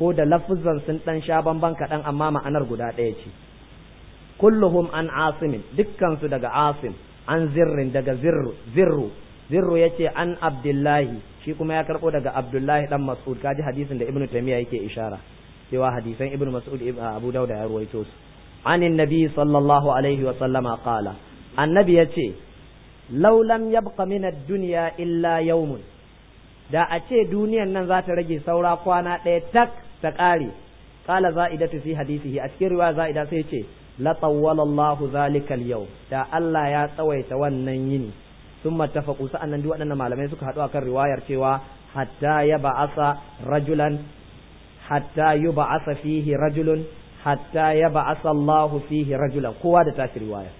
ko da lafuzan sun ɗan sha bamban kaɗan amma ma'anar guda ɗaya ce kulluhum an asimin dukkansu daga asim an zirrin daga zirru zirru zirru ce an abdullahi shi kuma ya karɓo daga abdullahi ɗan mas'ud kaji hadisin da ibnu taymiya yake ishara cewa hadisan ibnu mas'ud ah, abu dauda ya ruwaito su anin nabi sallallahu alaihi wa sallama qala annabi yace law lam yabqa min ad-dunya illa yawmun da a ce duniyan nan za ta rage saura kwana ɗaya tak ta ƙare qala za'idatu fi hadisihi a cikin riwaya za'ida sai ce la tawwala Allahu zalika al-yawm da Allah ya tsawaita wannan yini thumma tafaqu sa'annan duk waɗannan malamai suka haɗu akan riwayar cewa hatta ya ba'asa rajulan hatta yub'asa fihi rajulun hatta yab'asa Allah fihi rajulan kowa da tashi riwaya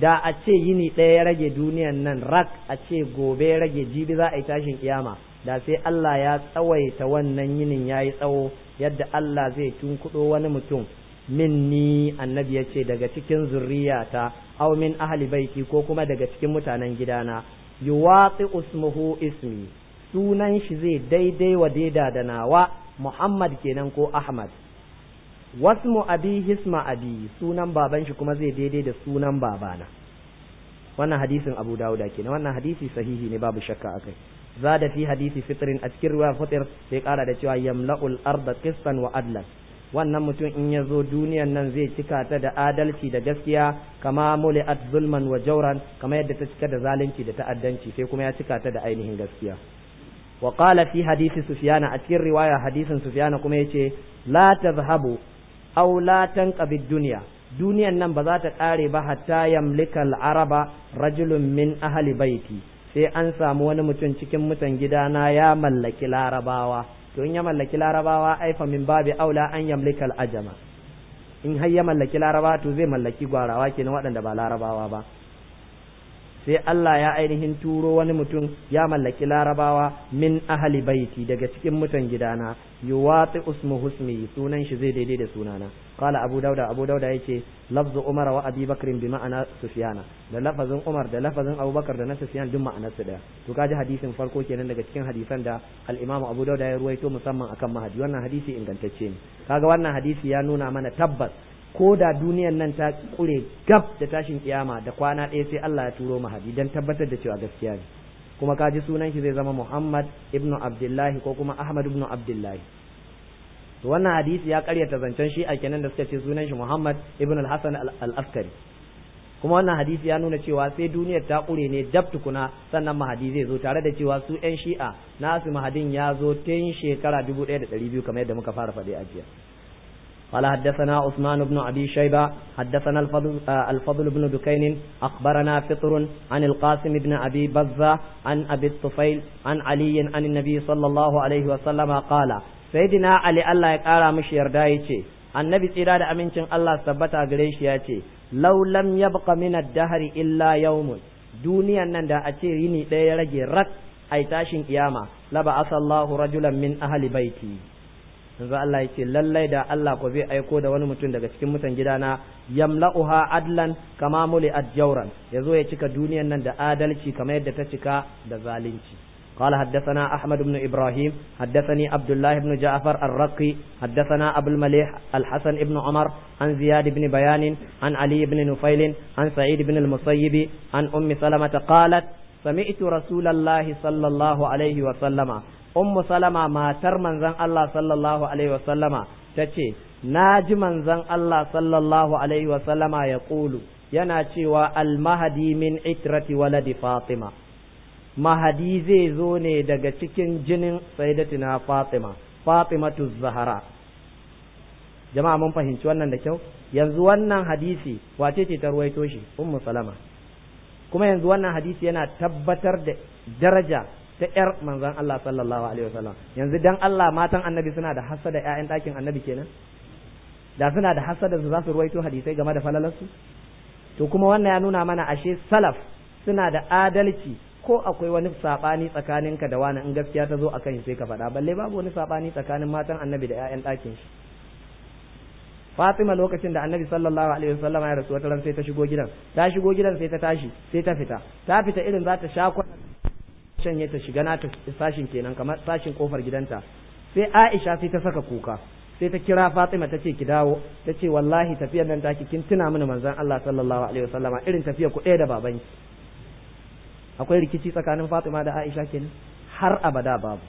da a ce yini ɗaya ya rage duniyan nan rak a ce gobe ya rage jibi za a yi tashin kiyama da sai Allah ya tsawaita wannan yinin ya yi tsawo yadda Allah zai tunkuɗo wani mutum minni annabi ya ce daga cikin zurriyata aw min ahli baiti ko kuma daga cikin mutanen gidana yuwati usmuhu ismi sunan shi zai daidai wa daida da nawa Muhammad kenan ko Ahmad wasmu abi hisma abi sunan baban shi kuma zai daidai da sunan babana wannan hadisin Abu Dawuda kenan wannan hadisi sahihi ne babu shakka akai zada fi hadisi fitrin a cikin ruwa fitir sai kara da cewa yamla'ul arda qistan wa adlan wannan mutum in ya zo duniyan nan zai cika ta da adalci da gaskiya kama muli'at zulman wa jawran kama yadda ta cika da zalunci da ta'addanci sai kuma ya cika ta da ainihin gaskiya wa hadisi sufyana a cikin riwaya hadisin sufyana kuma yace la tazhabu aw aulatan tanqabi duniya duniyar nan ba za ta kare ba hatta yamlikan araba rajulun min ahli baiti sai an samu wani mutum cikin mutan gidana ya mallaki larabawa to in ya mallaki larabawa ai fa min babi aula an yamlika ajama in har ya mallaki laraba to zai mallaki gwarawa kenan waɗanda ba larabawa ba sai Allah ya ainihin turo wani mutum ya mallaki larabawa min ahali baiti daga cikin mutan gidana yuwati usmu husmi sunan shi zai daidai da sunana qala abu dauda abu dauda yace lafzu umar wa abi bakr bi ma'ana sufyana da lafazin umar da lafazin abubakar da na sufyan duk ma'anar su daya to kaji hadisin farko kenan daga cikin hadisan da al-imamu abu dauda ya ruwaito musamman akan mahadi wannan hadisi ingantacce ne kaga wannan hadisi ya nuna mana tabbas ko da duniyar nan ta kure gab da tashin kiyama da kwana ɗaya sai Allah ya turo mahadi dan tabbatar da cewa gaskiya ne kuma ka ji sunan shi zai zama Muhammad ibnu Abdullahi ko kuma Ahmad ibnu Abdullahi to wannan hadisi ya karyata zancen shi a kenan da suka ce sunan shi Muhammad ibnu al-Hasan al-Askari kuma wannan hadisi ya nuna cewa sai duniyar ta kure ne dab tukuna sannan mahadi zai zo tare da cewa su 'yan shi'a nasu mahadin ya zo tun shekara 1200 kamar yadda muka fara faɗi a jiya قال حدثنا عثمان بن أبي شيبة حدثنا الفضل, الفضل بن دكين أخبرنا فطر عن القاسم بن أبي بزة عن أبي الطفيل عن علي عن النبي صلى الله عليه وسلم قال سيدنا علي الله يقال مش يردايتي النبي tsira da amincin Allah tabbata gare shi ya ce law ya yabqa min ad-dahr illa yawmun duniyan nan da a ce yini ɗaya ya rage rak ai tashin ƙiyama la ba'athallahu rajulan min ahli baiti yanzu Allah yace lallai da Allah ko zai aiko da wani mutum daga cikin mutan gidana yamla'uha adlan kama muli adjawran zo ya cika duniyar nan da adalci kamar yadda ta cika da zalunci قال حدثنا أحمد بن إبراهيم حدثني عبد الله بن جعفر الرقي حدثنا أبو المليح الحسن بن عمر عن زياد بن بيان عن علي بن نفيل عن سعيد بن المصيب عن أم سلمة قالت سمعت رسول الله صلى الله عليه وسلم ummu salama matar manzon Allah sallallahu alaihi wasallama tace na ji manzon Allah sallallahu alaihi wasallama ya ƙulu yana cewa almahadi min itrati waladi fatima mahadi zai zo ne daga cikin jinin sayyidatina fatima fatimatu zahara jama'a mun fahimci wannan da kyau yanzu wannan hadisi wace ce ta ruwaito shi ummu salama kuma yanzu wannan hadisi yana tabbatar da daraja ta yar manzon Allah sallallahu alaihi wasallam yanzu dan Allah matan annabi suna da hasada ƴaƴan ɗakin annabi kenan da suna da hasada su za su ruwaito hadisai game da falalarsu to kuma wannan ya nuna mana ashe salaf suna da adalci ko akwai wani sabani tsakaninka da wani in gaskiya ta zo akan sai ka faɗa balle babu wani sabani tsakanin matan annabi da ƴaƴan ɗakin shi Fatima lokacin da Annabi sallallahu alaihi wasallam ya rasu wata ran sai ta shigo gidan ta shigo gidan sai ta tashi sai ta fita ta fita irin za ta sha kwana canye ta shiga nata sashin kenan kamar sashin kofar gidanta sai Aisha sai ta saka kuka sai ta kira Fatima ta ce ki dawo ta ce wallahi tafiyar nan taki kin tuna mini manzon Allah sallallahu alaihi wasallama irin tafiyar ku da babanki akwai rikici tsakanin Fatima da Aisha kenan har abada babu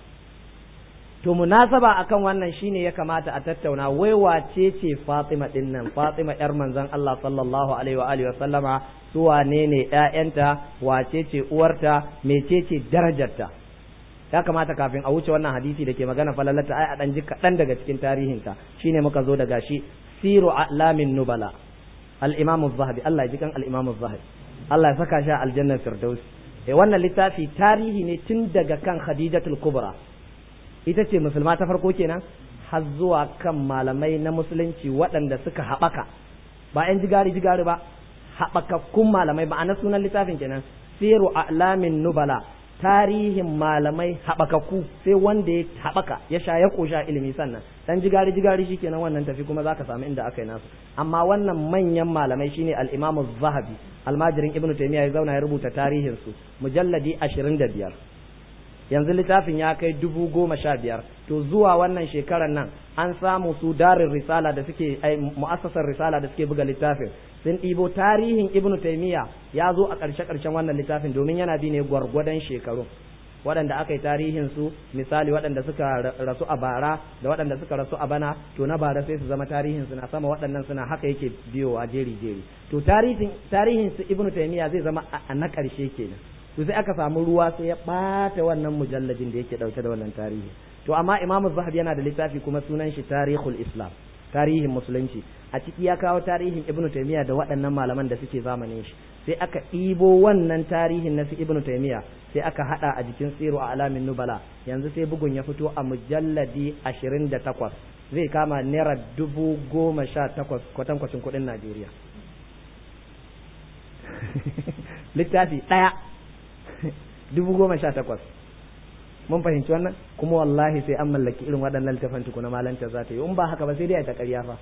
to munasaba akan wannan shine ya kamata a tattauna wai wace ce Fatima din nan Fatima yar manzon Allah sallallahu alaihi wa alihi wa sallama su wane ne ƴaƴanta wace ce uwarta mecece darajarta ya kamata kafin a wuce wannan hadisi da ke magana falalata ai a dan ji kaɗan daga cikin tarihinta shine muka zo daga shi siru a'lamin nubala al-imam zahabi Allah ya ji kan al-imam zahabi Allah ya saka shi a aljannar firdausi eh wannan littafi tarihi ne tun daga kan khadijatul kubra ita ce musulma ta farko kenan har zuwa kan malamai na musulunci waɗanda suka haɓaka ba 'yan jigari jigari ba haɓakakkun malamai ma'ana sunan littafin kenan siru a'lamin nubala tarihin malamai haɓakakku sai wanda ya haɓaka ya sha ya ƙosha ilimi sannan dan jigari jigari shi kenan wannan tafi kuma zaka samu inda aka yi nasu amma wannan manyan malamai shine al'imamu zahabi almajirin ibnu taimiyya ya zauna ya rubuta tarihinsu tarihin ashirin da biyar. yanzu littafin ya kai dubu goma sha biyar to zuwa wannan shekarar nan an samu su darin risala da suke ai mu'assasar risala da suke buga littafin sun ɗibo tarihin ibnu taimiyya ya zo a ƙarshe ƙarshen wannan littafin domin yana bi ne gwargwadon shekaru waɗanda aka yi tarihin su misali waɗanda suka rasu a bara da waɗanda suka rasu a bana to na bara sai su zama tarihin su na sama waɗannan suna haka yake biyowa jeri jeri to tarihin su ibnu taymiya zai zama a na ƙarshe kenan to sai aka samu ruwa sai ya bata wannan mujalladin da yake dauke da wannan tarihi to amma imamu Zahabi yana da littafi kuma sunan shi Tarihul Islam tarihin musulunci a ciki ya kawo tarihin ibnu Taymiya da waɗannan malaman da suke zamanin shi sai aka ɗibo wannan tarihin na ibnu Ibn sai aka hada a jikin Siru a Alamin Nubala yanzu sai bugun ya fito a mujalladi 28 zai kama naira dubu goma sha takwas kwatankwacin kuɗin Najeriya littafi ɗaya dubu goma sha takwas mun fahimci wannan kuma wallahi sai an mallaki irin waɗannan littafan tukuna malanta za ta yi in ba haka ba sai dai ta ƙarya fa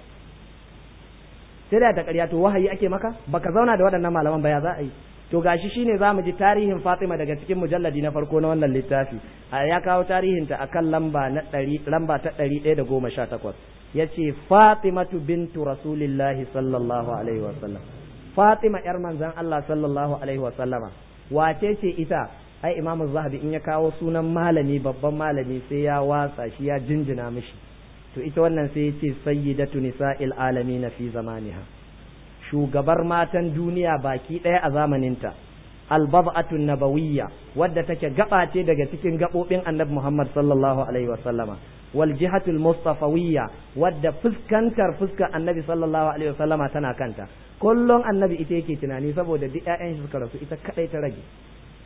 sai dai ta ƙarya to wahayi ake maka baka zauna da waɗannan malaman ba ya za a yi to gashi shine za mu ji tarihin Fatima daga cikin mujalladi na farko na wannan littafi ya kawo tarihinta akan lamba na ɗari lamba ta ɗari ɗaya da goma sha takwas ya ce Fatimatu bintu Rasulillahi sallallahu alaihi wasallam Fatima ‘yar manzan Allah sallallahu alaihi wasallama wace ce ita ai imamu zahabi in ya kawo sunan malami babban malami sai ya watsa shi ya jinjina mishi to ita wannan sai ya ce sayyidatu nisa'il alamin fi zamaniha shugabar matan duniya baki ɗaya a zamaninta albab'atun nabawiyya wadda take gaba ce daga cikin gabobin annabi Muhammad sallallahu alaihi wasallama wal jihatul mustafawiyya wadda fuskantar fuskar annabi sallallahu alaihi wasallama tana kanta kullum annabi ita yake tunani saboda duk ƴaƴan shi suka rasu ita kadai ta rage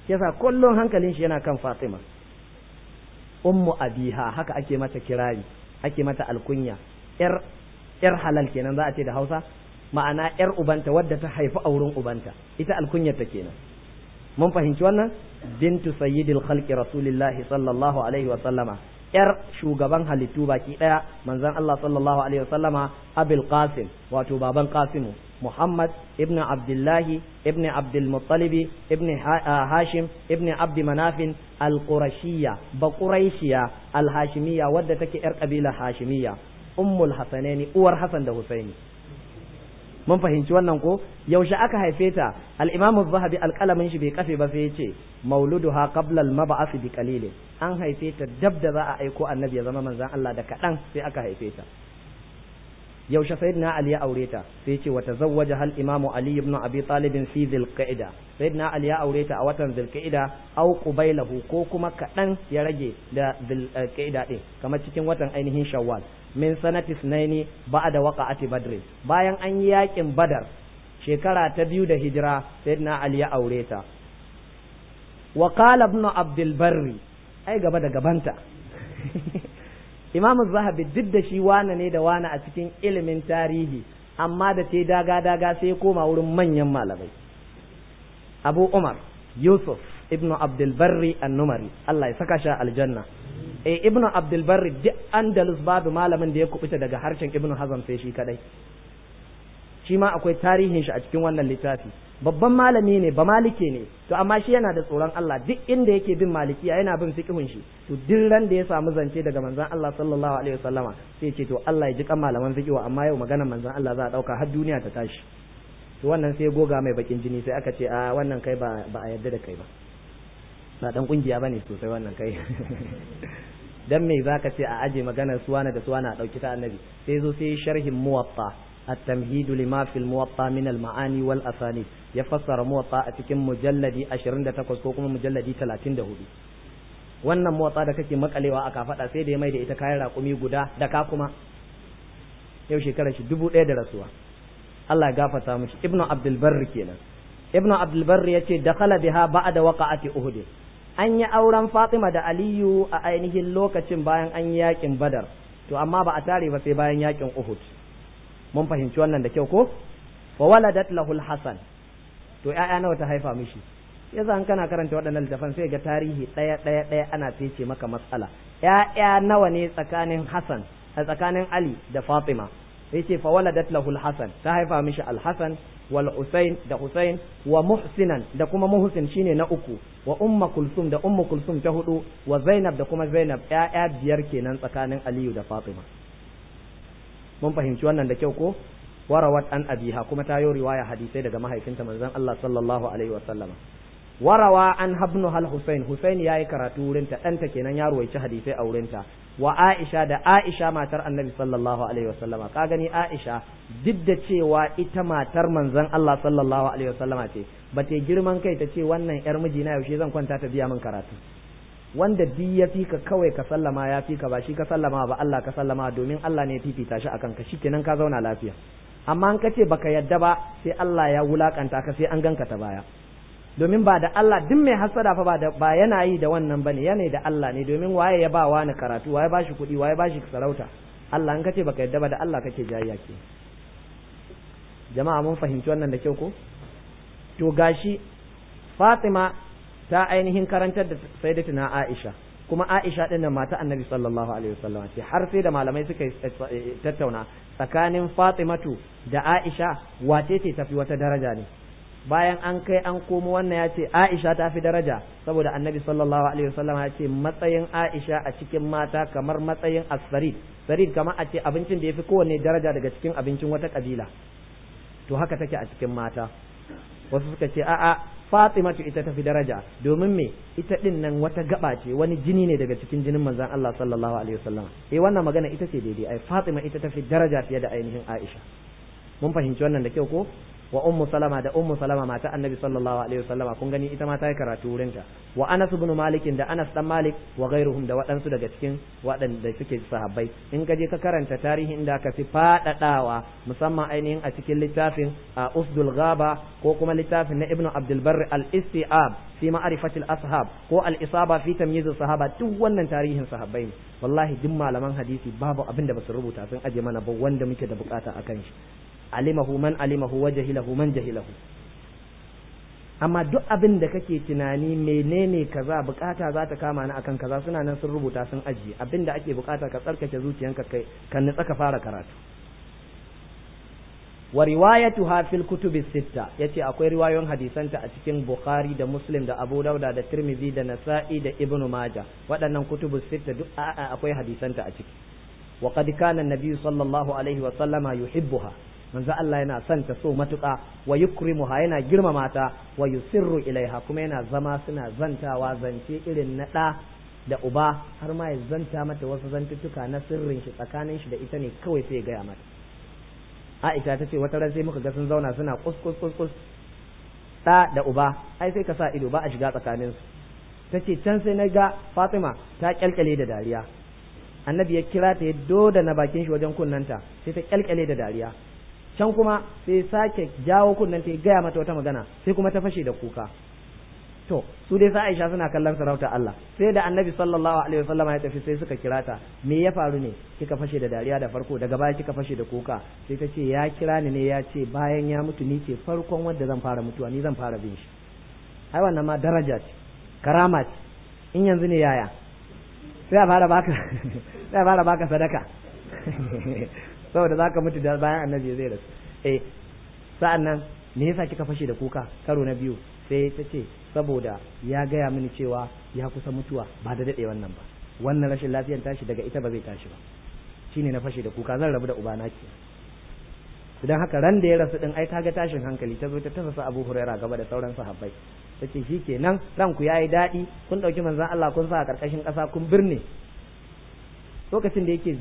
yasa kullum hankalin shi yana kan Fatima ummu abiha haka ake mata kirari ake mata alkunya yar yar halal kenan za a ce da Hausa ma'ana yar ubanta wadda ta haifi auren ubanta ita alkunyar ta kenan mun fahimci wannan bintu sayyidil khalqi rasulillahi sallallahu alaihi wa sallama yar shugaban halittu baki daya manzon Allah sallallahu alaihi wa sallama abul qasim wato baban qasimu محمد ابن عبد الله ابن عبد المطلب ابن هاشم ابن عبد مناف القرشية بقريشية الهاشمية ودتك ار قبيلة هاشمية Ummul الحسنين أور حسن ده حسيني mun fahimci wannan ko yaushe aka haife ta al-Imam az-Zahabi alƙalamin shi bai kafe ba sai yace mauluduha qabla al-mab'ath bi qalil an haife ta dab da za a aiko annabi ya zama manzon Allah da kadan sai aka haife ta yaushe na ali ya aure ta sai ce wata zawwaja hal imamu ali ibn abi talib fi dhilqa'ida na ali ya aure ta a watan zilkaida au qubailahu ko kuma kaɗan ya rage da dhilqa'ida din kamar cikin watan ainihin shawwal min sanatis na sanati da ba'da ati badr bayan an yi yakin badar shekara ta biyu da hijira na ali ya aure ta wa qala ibn abdul ai gaba da gabanta imam zahabi duk da shi wane ne da wane a cikin ilimin tarihi amma da ta daga daga sai koma wurin manyan malamai abu umar yusuf ibnu abdulbarri annumari allah ya saka sha aljanna eh ibnu abdulbarri duk andalus babu malamin da ya kubuta daga harshen ibnu hazam sai shi kadai shi ma akwai tarihin shi a cikin wannan littafi babban malami ne ba malike ne to amma shi yana da tsoron Allah duk inda yake bin malikiya yana bin fiqhun shi to duk ran da ya samu zance daga manzon Allah sallallahu alaihi wasallama sai ce to Allah ya ji kan malaman fiqhu amma yau maganar manzon Allah za a dauka har duniya ta tashi to wannan sai goga mai bakin jini sai aka ce a wannan kai ba ba a yarda da kai ba ba dan kungiya bane sosai wannan kai dan me zaka ce a aje maganar suwana da suwana a dauki ta annabi sai zo sai sharhin muwatta التمهيد لما في الموطا من المعاني والاسانيد ya fassara muwatsa a cikin mujalladi 28 ko kuma mujalladi 34 wannan motsa da kake makalewa aka faɗa sai da ya mai da ita kayan raƙumi guda da ka kuma yau shekarar shi dubu ɗaya da rasuwa Allah ya gafarta mishi ibnu abdul barri kenan ibnu abdul barri yace dakhala biha ba'da waqa'ati uhud an yi auren Fatima da Aliyu a ainihin lokacin bayan an yi yakin Badar to amma ba a tare ba sai bayan yakin Uhud mun fahimci wannan da kyau ko wa waladat lahul hasan to ya'ya nawa ta haifa mishi yasa an kana karanta waɗannan littafan sai ga tarihi ɗaya ɗaya ɗaya ana fice maka matsala ya'ya nawa ne tsakanin hasan a tsakanin ali da fatima yace fa waladat lahul hasan ta haifa mishi al hasan wal husain da husain wa muhsinan da kuma muhsin shine na uku wa umma kulsum da umma kulsum ta hudu wa zainab da kuma zainab ya'ya biyar kenan tsakanin aliyu da fatima mun fahimci wannan da kyau ko warawat an abiha kuma ta yi riwaya hadisai daga mahaifinta manzon Allah sallallahu alaihi wasallama warawa an habnu hal husain husain yayi karatu wurinta ɗanta kenan ya ruwaici hadisai a wurinta wa aisha da aisha matar annabi sallallahu alaihi wasallama ka gani aisha duk da cewa ita matar manzon Allah sallallahu alaihi wasallama ce ba ta girman kai ta ce wannan yar mijina yaushe zan kwanta ta biya min karatu wanda duk ya fika kawai ka sallama ya fika ba shi ka sallama ba Allah ka sallama domin Allah ne ya fifita shi akan ka shikenan ka zauna lafiya amma an kace baka yadda ba sai Allah ya wulakanta ka sai an ganka ta baya domin ba da Allah duk mai hasada fa ba da ba yana yi da wannan bane yana da Allah ne domin waye ya ba wani karatu waye ba shi kuɗi waye ba shi sarauta Allah an kace baka yadda ba da Allah kake jayayya ke jama'a mun fahimci wannan da kyau ko to gashi Fatima ta ainihin karantar da na Aisha kuma Aisha din nan mata Annabi sallallahu alaihi wasallam ce har sai da malamai suka eh, eh, tattauna tsakanin Fatimatu da Aisha wace ce tafi wata daraja ne bayan an kai an komo wannan ya ce Aisha ta fi daraja saboda Annabi sallallahu alaihi wasallam ya ce matsayin Aisha a cikin mata kamar matsayin asarid sarid kamar a ce abincin da fi kowanne daraja daga cikin abincin wata kabila to haka take a cikin mata wasu suka ce a'a Fatima ita tafi daraja domin me ita din nan wata gaba ce wani jini ne daga cikin jinin manzon Allah sallallahu alaihi wasallam eh wannan magana ita ce daidai ai Fatima ita tafi daraja fiye da ainihin Aisha mun fahimci wannan da kyau ko wa ummu salama da ummu salama mata annabi sallallahu alaihi wasallama kun gani ita ma ta yi karatu wurin ta wa anas ibn malik da anas dan malik wa ghairuhum da waɗansu daga cikin waɗanda suke sahabbai in ka je ka karanta tarihi inda ka fi faɗaɗawa musamman ainihin a cikin littafin a usdul ghaba ko kuma littafin na ibnu abdul barr al istiab fi ma'rifati al ashab ko al isaba fi tamyiz al sahaba duk wannan tarihin sahabbai ne wallahi duk malaman hadisi babu abin da basu rubuta sun aje mana ba wanda muke da bukata akan shi alimahu man alimahu wa jahilahu man jahilahu amma duk abin da kake tunani menene kaza bukata za ta kama ni akan kaza suna nan sun rubuta sun ajiye abin da ake bukata ka tsarkake zuciyanka kai kan nitsa ka fara karatu wa riwayatu ha fil kutub sitta yace akwai riwayoyin hadisanta a cikin bukhari da muslim da abu dauda da tirmidhi da nasa'i da ibnu majah waɗannan kutub sitta duk akwai hadisanta a ciki wa qad kana an sallallahu alaihi wa sallama yuhibbuha manzo Allah yana son ta so matuƙa wa yukrimuha yana girmama ta wa yusirru ilaiha kuma yana zama suna zantawa zance irin na ɗa da uba har ma ya zanta mata wasu zantuttuka na sirrin shi tsakanin shi da ita ne kawai sai ya gaya mata Aisha ta ce wata ran sai muka ga sun zauna suna kuskus kuskus ɗa da uba ai sai ka sa ido ba a shiga tsakaninsu ta ce can sai na ga Fatima ta kyalkyale da dariya annabi ya kira ta ya doda na bakin shi wajen kunnanta sai ta kyalkyale da dariya can kuma sai sake jawo kunnen ta gaya mata wata magana sai kuma ta fashe da kuka to su dai sa Aisha suna kallon sarauta Allah sai da Annabi sallallahu alaihi wasallam ya tafi sai suka kira ta me ya faru ne kika fashe da dariya da farko daga baya kika fashe da kuka sai ta ce ya kira ni ne ya ce bayan ya mutu ni ce farkon wanda zan fara mutuwa ni zan fara bin shi ai wannan ma daraja ce karama ce in yanzu ne yaya sai a fara baka sai a fara baka sadaka saboda za ka mutu da bayan annabi zai rasu eh nan me yasa kika fashe da kuka karo na biyu sai ta ce saboda ya gaya mini cewa ya kusa mutuwa ba da daɗe wannan ba wannan rashin lafiyar tashi daga ita ba zai tashi ba shine na fashe da kuka zan rabu da ubana ke idan haka ran da ya rasu din ai kaga tashin hankali ta zo ta tafasa Abu Huraira gaba da sauran sahabbai tace shikenan ranku yayi daɗi kun ɗauki manzon Allah kun sa a karkashin ƙasa kun birne lokacin da yake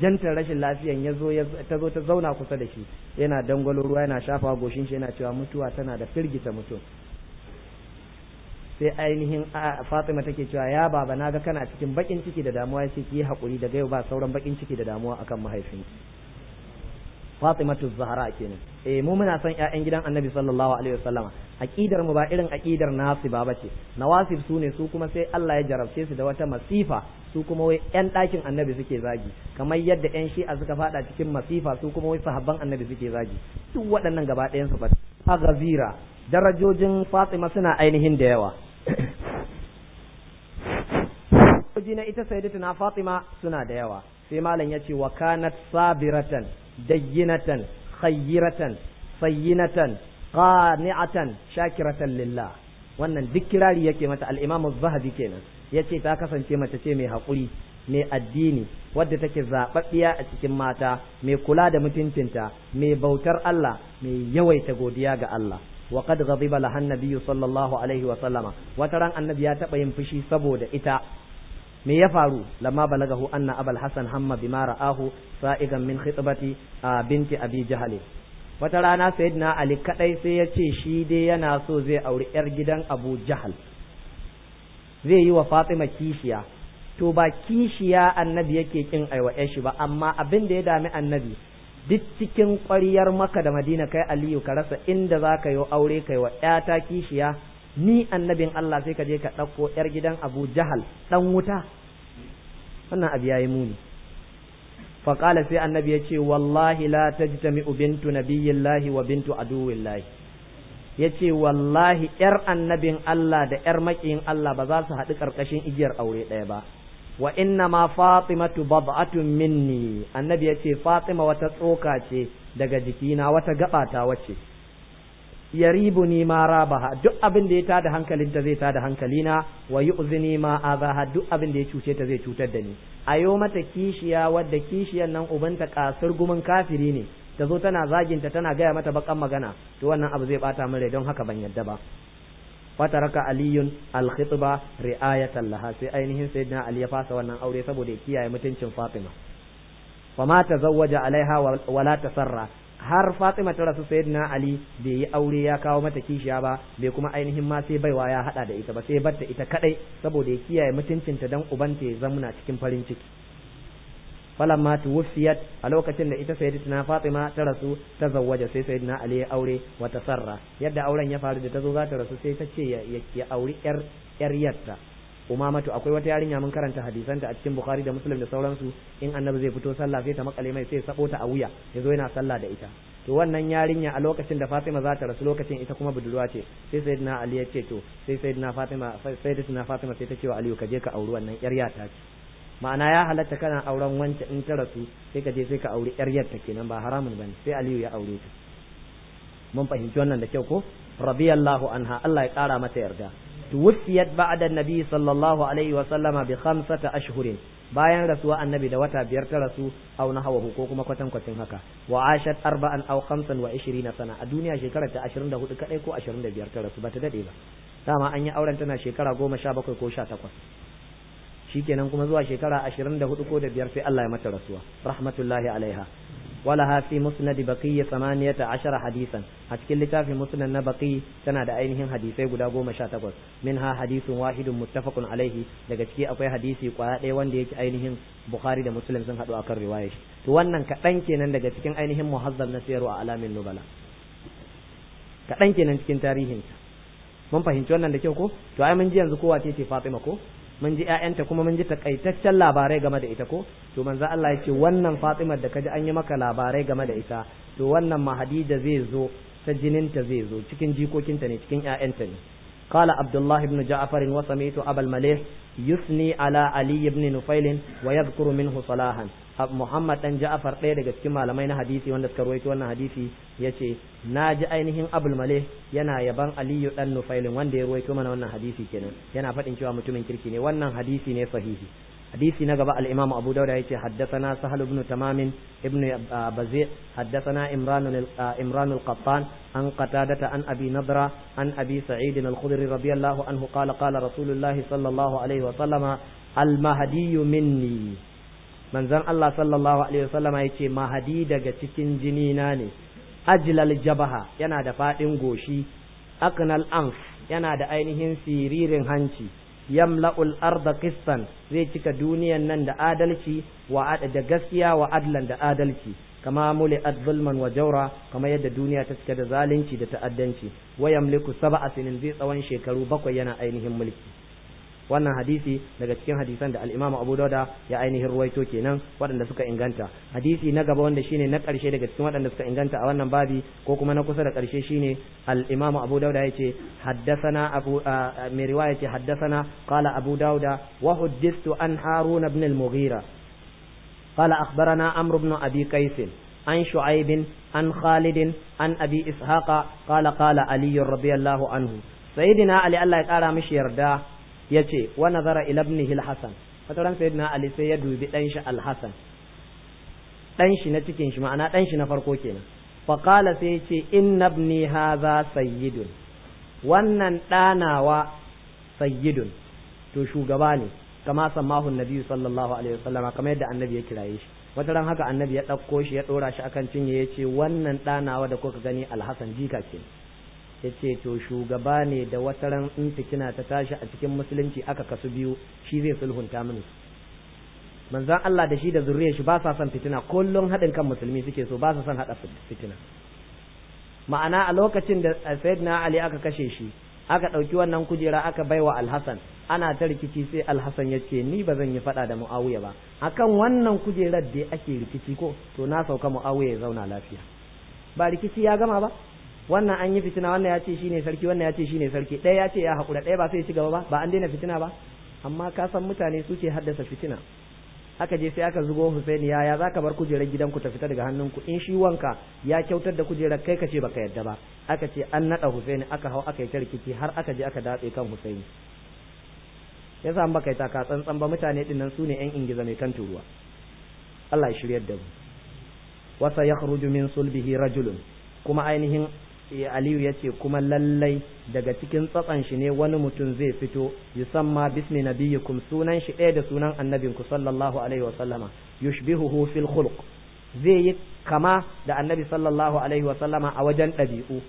jantar rashin lafiyan ya zo ta zo ta zauna kusa da shi yana dangwalo ruwa yana shafawa goshin shi yana cewa mutuwa tana da firgita mutum sai ainihin Fatima take cewa ya baba na ga kana cikin bakin ciki da damuwa sai ki yi hakuri daga yau ba sauran bakin ciki da damuwa akan mahaifinki fatimatu zahra kenan eh mu muna son ƴaƴan gidan annabi sallallahu alaihi wasallama aqidar mu ba irin aqidar nasiba bace nawasib su ne su kuma sai Allah ya jarabce su da wata masifa su kuma wai ƴan ɗakin annabi suke zagi kamar yadda ƴan shi'a suka fada cikin masifa su kuma wai sahabban annabi suke zagi duk waɗannan gaba ɗayan su ba agazira darajojin fatima suna ainihin da yawa na ita sayyidatuna fatima suna da yawa sai malam yace wa kanat sabiratan dayyinatan khayyiratan fayyinatan qani'atan shakiratan lillah wannan duk kirari yake mata al-Imam az-Zahabi kenan yace ta kasance mace ce mai hakuri mai addini wadda take zaɓaɓɓiya a cikin mata mai kula da mutuncinta mai bautar Allah mai yawaita godiya ga Allah wa qad ghadiba lahan nabiyyu sallallahu alaihi wa sallama wata ran annabi ya taɓa yin fushi saboda ita me ya faru lamma balagahu anna abul hasan hamma bima ra'ahu sa'igan min khitbati binti abi jahal wata rana sayyidina ali kadai sai ya ce shi dai yana so zai auri yar gidan abu jahal zai yi wa fatima kishiya to ba kishiya annabi yake kin aiwa shi ba amma abin da ya dami annabi duk cikin ƙwaryar maka da madina kai aliyu ka rasa inda za ka yi aure kai wa yata kishiya ni annabin Allah sai ka je ka ɗauko ‘yar gidan Abu Jahal ɗan wuta, wannan abu ya yi muni. Faƙala sai annabi ya ce, Wallahi la ta ji tami'u bintu nabiyillahi wa bintu aduwillahi. Ya ce, Wallahi ‘yar annabin Allah da ‘yar maƙiyin Allah ba za su haɗu ƙarƙashin igiyar aure ɗaya ba. Wa inna ma Fatimatu bab'atun minni, annabi ya ce, Fatima wata tsoka ce daga jikina wata gaɓata wace. ni ma rabaha duk abin da ya ta tada hankalin ta zai tada hankalina wa yu'zini ma azaha duk abin da ya cuce ta zai cutar da ni ayo mata kishiya wadda kishiyan nan ubanta kasar gumin kafiri ne ta zo tana zaginta tana gaya mata bakan magana to wannan abu zai bata min rai don haka ban yadda ba fataraka aliyun alkhitba ri'ayatan laha sai ainihin sayyidina ali ya fasa wannan aure saboda ya kiyaye mutuncin fatima fama tazawwaja alaiha wala tasarra har Fatima ta rasu Sayyidina Ali bai yi aure ya kawo mata kishiya ba bai kuma ainihin ma sai baiwa ya hada da ita ba sai barta ita kadai saboda ya kiyaye mutuncinta dan ubanta ya zamuna cikin farin ciki falamma tuwfiyat a lokacin da ita Sayyidina Fatima ta rasu ta zawwaja sai sayyidina Ali ya aure wa tasarra yadda auren ya faru da tazo za ta rasu sai ta ce ya auri yar yar yarta umamatu akwai wata yarinya mun karanta hadisanta a cikin bukhari da muslim da sauransu in annabi zai fito sallah sai ta makale mai sai sabo ta a wuya yazo yana sallah da ita to wannan yarinya a lokacin da Fatima za ta rasu lokacin ita kuma budurwa ce sai sayyidina Ali ya ce to sai sayyidina Fatima sayyidina Fatima sai ta ce wa Ali ka je ka auri wannan 'yar yata ce ma'ana ya halatta kana auren wance in ta rasu sai ka je sai ka auri 'yar ke kenan ba haramun bane sai Aliyu ya aure ta mun fahimci wannan da kyau ko radiyallahu anha Allah ya kara mata yarda tuwfiyat ba'da nabi sallallahu alaihi wa sallama bi bayan rasuwa annabi da wata biyar ta rasu auna nahawahu ko kuma kwatan kwatin haka wa ashat arba'an au khamsan wa ishirina sana a duniya shekarar ta 24 kadai ko 25 ta rasu bata dade ba dama an yi auren tana shekara 17 ko 18 shikenan kuma zuwa shekara 24 ko da biyar sai Allah ya mata rasuwa rahmatullahi alaiha wala hafi musna di baki ya ta ashara hadisan a cikin littafin musnan na baki tana da ainihin hadisai guda goma sha takwas min ha hadisun wahidun muttafaqun alaihi daga ciki akwai hadisi kwaya ɗaya wanda yake ainihin bukhari da muslim sun haɗu akan riwaya shi to wannan kaɗan kenan daga cikin ainihin muhazzal na sayarwa alamin nubala kaɗan kenan cikin tarihinsa mun fahimci wannan da kyau ko to ai mun ji yanzu kowa ce ce fatima ko mun ji ƴaƴanta kuma mun ji takaitaccen labarai game da ita ko to manzo Allah ya ce wannan Fatimar da kaji an yi maka labarai game da ita to wannan ma Hadija zai zo ta jininta zai zo cikin jikokinta ne cikin ƴaƴanta ne قال عبد الله بن جعفر وسميت أبا المليح يثني على علي بن نفيل ويذكر منه صلاحا Muhammad dan Ja'far ɗaya daga cikin malamai na hadisi wanda suka rawaito wannan hadisi yace na ji ainihin Abul Malik yana yaban Aliyu dan Nufailin wanda ya rawaito mana wannan hadisi kenan yana faɗin cewa mutumin kirki ne wannan hadisi ne sahihi hadisi na gaba al'imam imam Abu Dawud yace haddathana Sahal ibn Tamam ibn Bazi haddathana Imran Imran al-Qattan an Qatadata an Abi an Abi Sa'id al-Khudri radiyallahu anhu qala qala sallallahu alaihi wa sallama al-mahdi minni manzon Allah sallallahu alaihi wa sallama yace mahdi daga cikin jini na ne ajlal jabaha yana da fadin goshi aknal anf yana da ainihin siririn hanci yamla'ul arda qistan zai cika duniyan nan da adalci wa da gaskiya wa adlan da adalci kama muli adzulman wa jawra kama yadda duniya ta cika da zalunci da ta'addanci wa yamliku sab'a sinin zai tsawon shekaru bakwai yana ainihin mulki wannan hadisi daga cikin hadisan da al'imam imam Abu ya ainihin ruwaito kenan waɗanda suka inganta hadisi na gaba wanda shine na ƙarshe daga cikin waɗanda suka inganta a wannan babi ko kuma na kusa da ƙarshe shine alimam imam Abu ya yace Haddasana Abu mai riwaya ce Haddasana qala Abu Dawud wa huddistu an Harun ibn al-Mughira قال أخبرنا عمرو بن أبي قيس an شعيب an خالد عن أبي إسحاق qala قال علي رضي anhu عنه Ali Allah ya يقال مش yarda. yace wa nazara ila ibnihi al-hasan ran sayyidina ali sai ya dubi dan shi al-hasan dan shi na cikin shi ma'ana dan shi na farko kenan fa qala sai yace inna ibni hadha sayyidun wannan danawa sayyidun to shugaba ne kama sammahu nabiyyu sallallahu alaihi wasallama kamar yadda annabi ya kiraye shi wata ran haka annabi ya ɗauko shi ya ɗora shi akan cinye ya ce wannan ɗanawa da kuka gani alhassan jika kenan. ya ce to shugaba ne da wata ran in fitina ta tashi a cikin musulunci aka kasu biyu shi zai sulhunta mini manzon Allah da shi da zuriyar shi ba sa son fitina kullum haɗin kan musulmi suke so ba sa son haɗa fitina ma'ana a lokacin da sayyidina Ali aka kashe shi aka ɗauki wannan kujera aka baiwa alhassan ana ta rikici sai alhasan ya ce ni ba zan yi faɗa da mu'awiya ba akan wannan kujerar da ake rikici ko to na sauka mu'awiya ya zauna lafiya ba rikici ya gama ba wannan an yi fitina wannan ya ce shi ne sarki wannan ya ce shi ne sarki ɗaya ya ce ya haƙura ɗaya ba sai ci gaba ba ba an daina fitina ba amma ka san mutane su ke haddasa fitina aka je sai aka zubo Hussein ya za ka bar kujerar gidanku ta fita daga hannunku in shi wanka ya kyautar da kujerar kai ka ce baka yadda ba aka ce an naɗa Hussein aka hau aka yi ta har aka je aka datse kan Husaini ya sa baka yi taka tsantsan ba mutane din nan su ne yan ingiza mai kan turuwa Allah ya shiryar da mu wasa yakhruju min sulbihi rajulun kuma ainihin sai eh, aliyu ya ce kuma lallai daga cikin tsatsan shi ne wani mutum zai fito yusamma bismi nabiyikum sunan shi ɗaya da sunan annabinku sallallahu alaihi wa sallama yushbihuhu fil khuluq zai yi kama da annabi sallallahu alaihi wa sallama a wajen ɗabi'u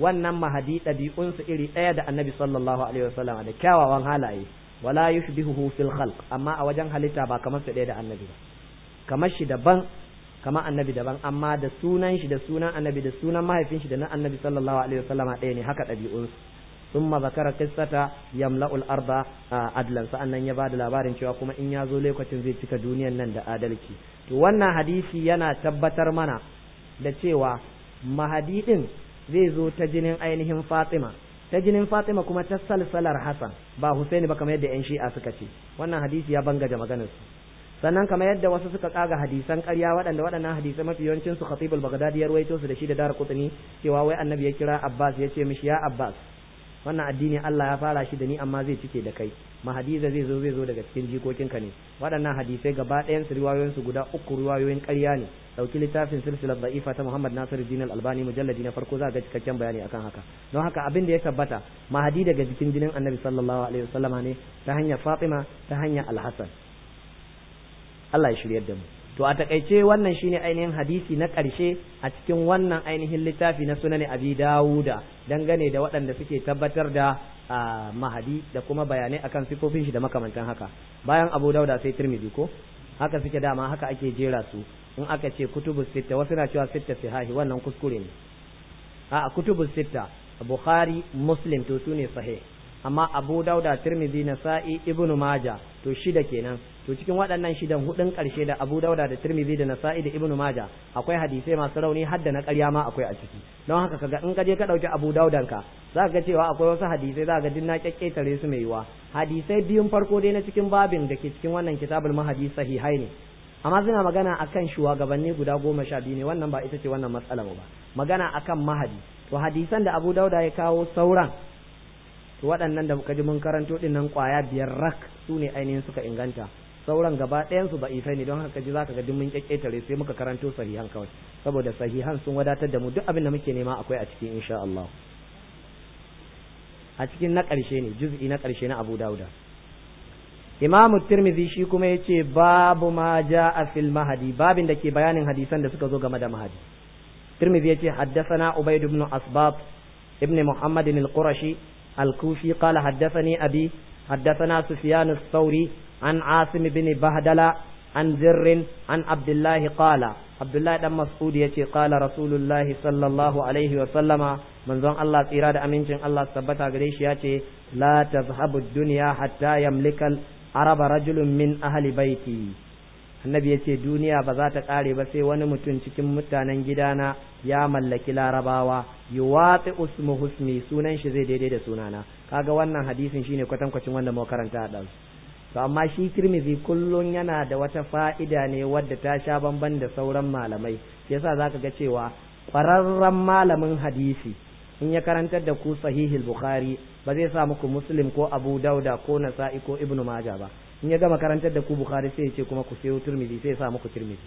wannan mahadi ɗabi'unsu iri ɗaya da annabi sallallahu alaihi wa sallama da kyawawan halaye wala yushbihuhu fil khalq amma a wajen halitta ba kamar su ɗaya da annabi ba kamar shi daban kama annabi daban amma da sunan shi da sunan annabi da sunan mahaifin shi da na annabi sallallahu alaihi wasallama ɗaya ne haka ɗabi'unsu thumma zakara qissata yamla'ul arda adlan annan ya bada labarin cewa kuma in ya zo lokacin zai cika duniyar nan da adalci to wannan hadisi yana tabbatar mana da cewa mahadi zai zo ta jinin ainihin Fatima ta jinin Fatima kuma ta salsalar Hassan ba Husaini ba kamar yadda yan Shi'a suka ce wannan hadisi ya bangaje maganar su sannan kamar yadda wasu suka tsaga hadisan karya waɗanda waɗannan hadisai mafi yawancin su Khatibul Baghdadi ya ruwaito su da shi da Dar Qutni cewa wai Annabi ya kira Abbas ya ce mishi ya Abbas wannan addini Allah ya fara shi da ni amma zai cike da kai mahadiza zai zo zai zo daga cikin jikokinka ne waɗannan hadisai gaba ɗayan su riwayoyin su guda uku riwayoyin karya ne dauki littafin silsilar da'ifa ta Muhammad Nasiru Al-Albani mujalladi na farko za ga cikakken bayani akan haka don haka abin da ya tabbata mahadi daga jikin jinin Annabi sallallahu alaihi wasallama ne ta hanyar Fatima ta hanyar Al-Hasan Allah ya shiryar da mu to a takaice wannan shine ainihin hadisi na ƙarshe a cikin wannan ainihin littafi na sunan abi dawuda dangane da waɗanda suke tabbatar da mahadi da kuma bayanai akan sifofin shi da makamantan haka bayan abu dauda sai tirmidhi ko haka suke dama haka ake jera su in aka ce kutubu sitta wasu na cewa sitta sahihi wannan kuskure ne a kutubu sitta bukhari muslim to su ne sahih amma Abu Dauda Tirmidhi Nasa'i Ibnu Maja to shida kenan to cikin waɗannan shidan hudun ƙarshe da Abu Dauda da Tirmidhi da Nasa'i da Ibnu Maja akwai hadisai masu rauni har da na ƙarya ma akwai a ciki don haka kaga in ka je ka dauki Abu Daudan ka za ka ga cewa akwai wasu hadisai za ka ga na kyakketare su mai yiwa hadisai biyun farko dai na cikin babin da ke cikin wannan kitabul mahadi sahihai ne amma suna magana akan shugabanni guda goma sha biyu ne wannan ba ita ce wannan matsalar ba magana akan mahadi to hadisan da Abu Dauda ya kawo sauran to waɗannan da muka ji mun karanto din nan kwaya biyar rak su ne ainihin suka inganta sauran gaba ɗayan su ba'ifai ne don haka ji zaka ga duk mun kyakketare sai muka karanto sahihan kawai saboda sahihan sun wadatar da mu duk abin da muke nema akwai a cikin insha Allah a cikin na ƙarshe ne juz'i na ƙarshe na Abu Dawud Imam Tirmidhi shi kuma yace babu ma ja'a fil mahdi babin da ke bayanin hadisan da suka zo game da mahdi Tirmidhi yace haddathana Ubayd ibn Asbab ibn Muhammad al-Qurashi الكوفي قال حدثني أبي حدثنا سفيان الثوري عن عاصم بن بهدلة عن زر عن عبد الله قال عبد الله بن مسعود يتي قال رسول الله صلى الله عليه وسلم من ظن الله تيرا دا أمينشن الله ثبتا قريش يتي لا تذهب الدنيا حتى يملك العرب رجل من أهل بيتي annabi ya ce duniya ba za ta kare ba sai wani mutum cikin mutanen gidana ya mallaki larabawa yi watsi usmu husmi sunan shi zai daidai da sunana kaga wannan hadisin shine kwatankwacin wanda muka karanta a ɗansu to amma shi tirmizi kullum yana da wata fa'ida ne wadda ta sha bamban da sauran malamai yasa zaka ga cewa ƙwararren malamin hadisi in ya karantar da ku sahihil bukhari ba zai sa muku muslim ko abu dauda ko nasa'i ko ibnu maja ba in ya gama karantar da ku bukhari sai ya ce kuma ku sayo turmizi sai ya sa muku turmizi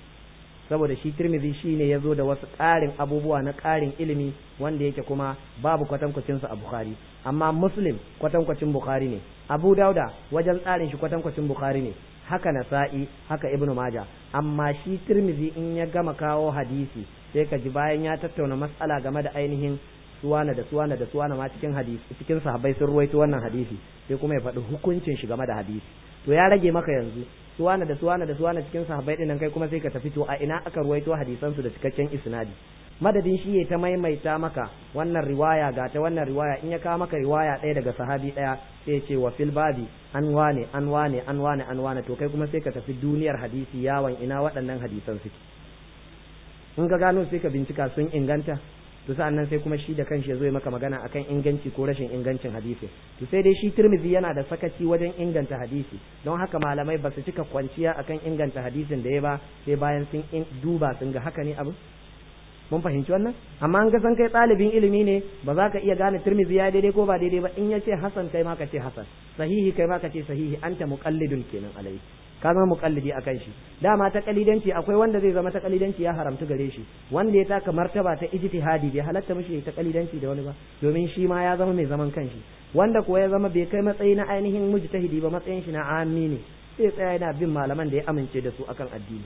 saboda shi turmizi shi ne ya zo da wasu ƙarin abubuwa na ƙarin ilimi wanda yake kuma babu kwatankwacinsa a bukhari amma muslim kwatankwacin bukhari ne abu dauda wajen tsarin shi kwatankwacin bukhari ne haka na Sa'i haka ibnu maja amma shi turmizi in ya gama kawo hadisi sai ka ji bayan ya tattauna matsala game da ainihin suwana da suwana da suwana ma cikin hadisi cikin sahabbai sun ruwaito wannan hadisi sai kuma ya faɗi hukuncin shi game da hadisi to ya rage maka yanzu suwana da suwana da suwana cikin sahabbai dinan kai kuma sai ka tafi to a ina aka ruwaito hadisan su da cikakken isnadi madadin shi ya ta maimaita maka wannan riwaya ga ta wannan riwaya in ya kawo maka riwaya ɗaya daga sahabi ɗaya sai ya ce wa fil babi an wane an wane to kai kuma sai ka tafi duniyar hadisi yawon ina waɗannan hadisan suke in ka gano sai ka bincika sun inganta to sa'an nan sai kuma shi da kanshi ya zo ya maka magana akan inganci ko rashin ingancin hadisi to sai dai shi tirmizi yana da sakaci wajen inganta hadisi don haka malamai ba su cika kwanciya akan inganta hadisin da ya ba sai bayan sun duba sun ga haka ne abu mun fahimci wannan amma an ga san kai ɗalibin ilimi ne ba za ka iya gane tirmizi ya daidai ko ba daidai ba in ya ce hasan kai ma ka ce hasan sahihi kai ma ka ce sahihi anta muqallidun kenan alai ka zama a akan shi dama ta kalidanci akwai wanda zai zama ta kalidanci ya haramtu gare shi wanda ya taka martaba ta ijtihadi bai halatta mishi ta kalidanci da wani ba domin shi ma ya zama mai zaman kanshi wanda kuwa ya zama bai kai matsayi na ainihin mujtahidi ba matsayin shi na ammi ne sai tsaya yana bin malaman da ya amince da su akan addini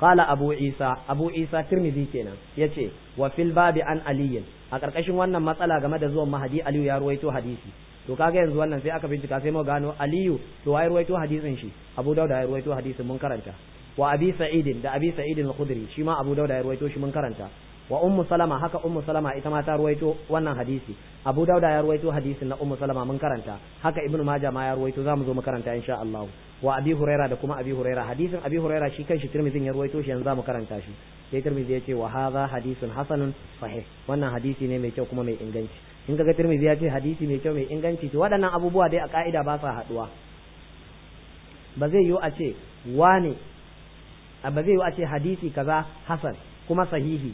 qala abu isa abu isa tirmidhi kenan yace wa fil babi an aliyin a karkashin wannan matsala game da zuwan mahadi aliyu ya ruwaito hadisi to kaga yanzu wannan sai aka bincika sai mu gano aliyu to wai ruwaito hadisin shi abu dauda ya ruwaito hadisin mun karanta wa abi Sa'id da abi Sa'id al-khudri shi ma abu dauda ya ruwaito shi mun karanta wa ummu salama haka ummu salama ita ma ta ruwaito wannan hadisi abu dauda ya ruwaito hadisin na ummu salama mun karanta haka ibnu majah ma ya ruwaito zamu zo mu karanta insha Allah wa abi huraira da kuma abi huraira hadisin abi huraira shi kanshi tirmidhi ya ruwaito shi yanzu zamu karanta shi sai tirmidhi ya ce wa hadha hadisun hasanun sahih wannan hadisi ne mai kyau kuma mai inganci in kaga tirmidhi ya ce hadisi mai kyau mai inganci to waɗannan abubuwa dai a ka'ida ba sa haɗuwa ba zai yiwu a ce wane ba zai yiwu a ce hadisi kaza hasan kuma sahihi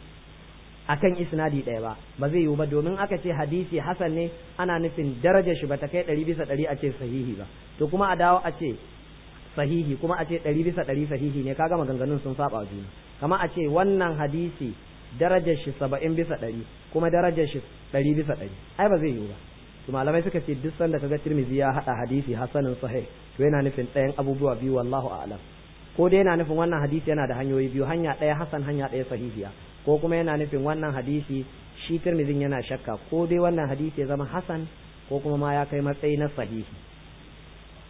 akan isnadi ɗaya ba ba zai yiwu ba domin aka ce hadisi hasan ne ana nufin darajar shi ta kai ɗari bisa ɗari a ce sahihi ba to kuma a dawo a ce sahihi kuma a ce ɗari bisa ɗari sahihi ne kaga maganganun sun saba juna kama a ce wannan hadisi darajar shi saba'in bisa ɗari kuma darajar shi ɗari bisa ɗari ai ba zai yiwu ba to malamai suka ce duk sanda kaga tirmizi ya haɗa hadisi hasanin sahih to yana nufin ɗayan abubuwa biyu wallahu a'lam ko dai yana nufin wannan hadisi yana da hanyoyi biyu hanya ɗaya hasan hanya ɗaya sahihiya ko kuma yana nufin wannan hadisi shi tirmizin yana shakka ko dai wannan hadisi ya zama hasan ko kuma ma ya kai matsayi na sahihi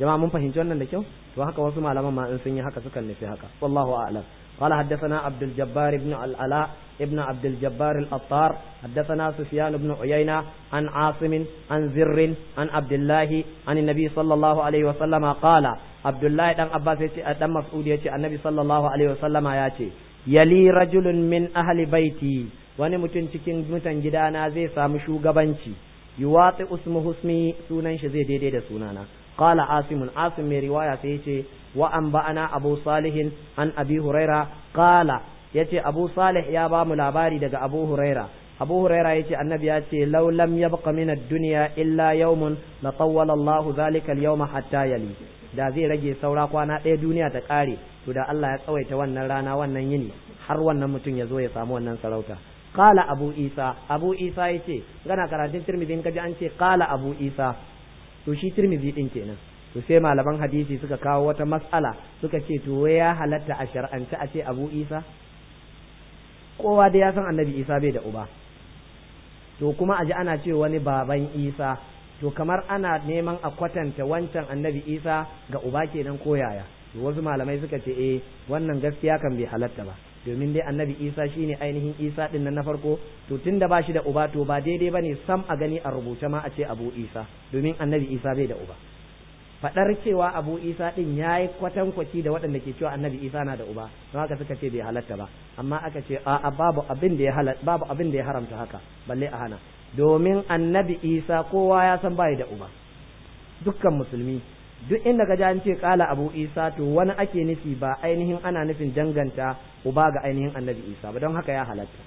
jama'a mun fahimci wannan da kyau to haka wasu malaman ma in sun yi haka sukan nufi haka wallahu a'lam قال حدثنا عبد الجبار بن العلاء ابن عبد الجبار الأطار حدثنا سفيان بن عيينة عن عاصم عن زر عن عبد الله عن النبي صلى الله عليه وسلم قال عبد الله دان عباس يتي دان مسعود يتي النبي صلى الله عليه وسلم ياتي يلي رجل من أهل بيتي وني mutum cikin mutan gidana zai samu shugabanci yuwatsi usmu husmi sunan shi zai daidai da sunana قال عاصم asim mai riwaya sai yace wa an ba'ana abu salih an abi huraira qala yace abu salih ya bamu labari daga abu huraira abu huraira yace annabi ya ce law ya yabqa mina duniya illa yawmun la tawwala Allah yali da zai rage saura kwana ɗaya duniya ta ƙare to da Allah ya tsawaita wannan rana wannan yini har wannan mutum ya zo ya samu wannan sarauta qala abu isa abu isa yace gana karatun tirmidhi in kaji an ce qala abu isa to shi tirmizi din kenan to sai malaman hadisi suka kawo wata mas'ala suka ce to ya halatta a shar'ance a ce abu isa kowa da ya san annabi isa bai da uba to kuma a ji ana ce wani baban isa to kamar ana neman a kwatanta wancan annabi isa ga uba kenan ko yaya to wasu malamai suka ce eh wannan gaskiya kan bai halatta ba domin dai annabi isa shi shine ainihin isa din nan na farko to tunda ba shi da uba to ba daidai ba ne sam a gani a rubuce ma a ce abu isa domin annabi isa bai da uba Faɗar cewa abu isa din yayi kwatankwaci da waɗanda ke cewa annabi isa na da uba don haka suka ce bai halatta ba amma aka ce a babu abin da ya babu abin da ya haramta haka balle a hana domin annabi isa kowa ya san bai da uba dukkan musulmi duk inda ka ji an ce kala abu isa to wani ake nufi ba ainihin ana nufin danganta uba ga ainihin annabi isa ba don haka ya halatta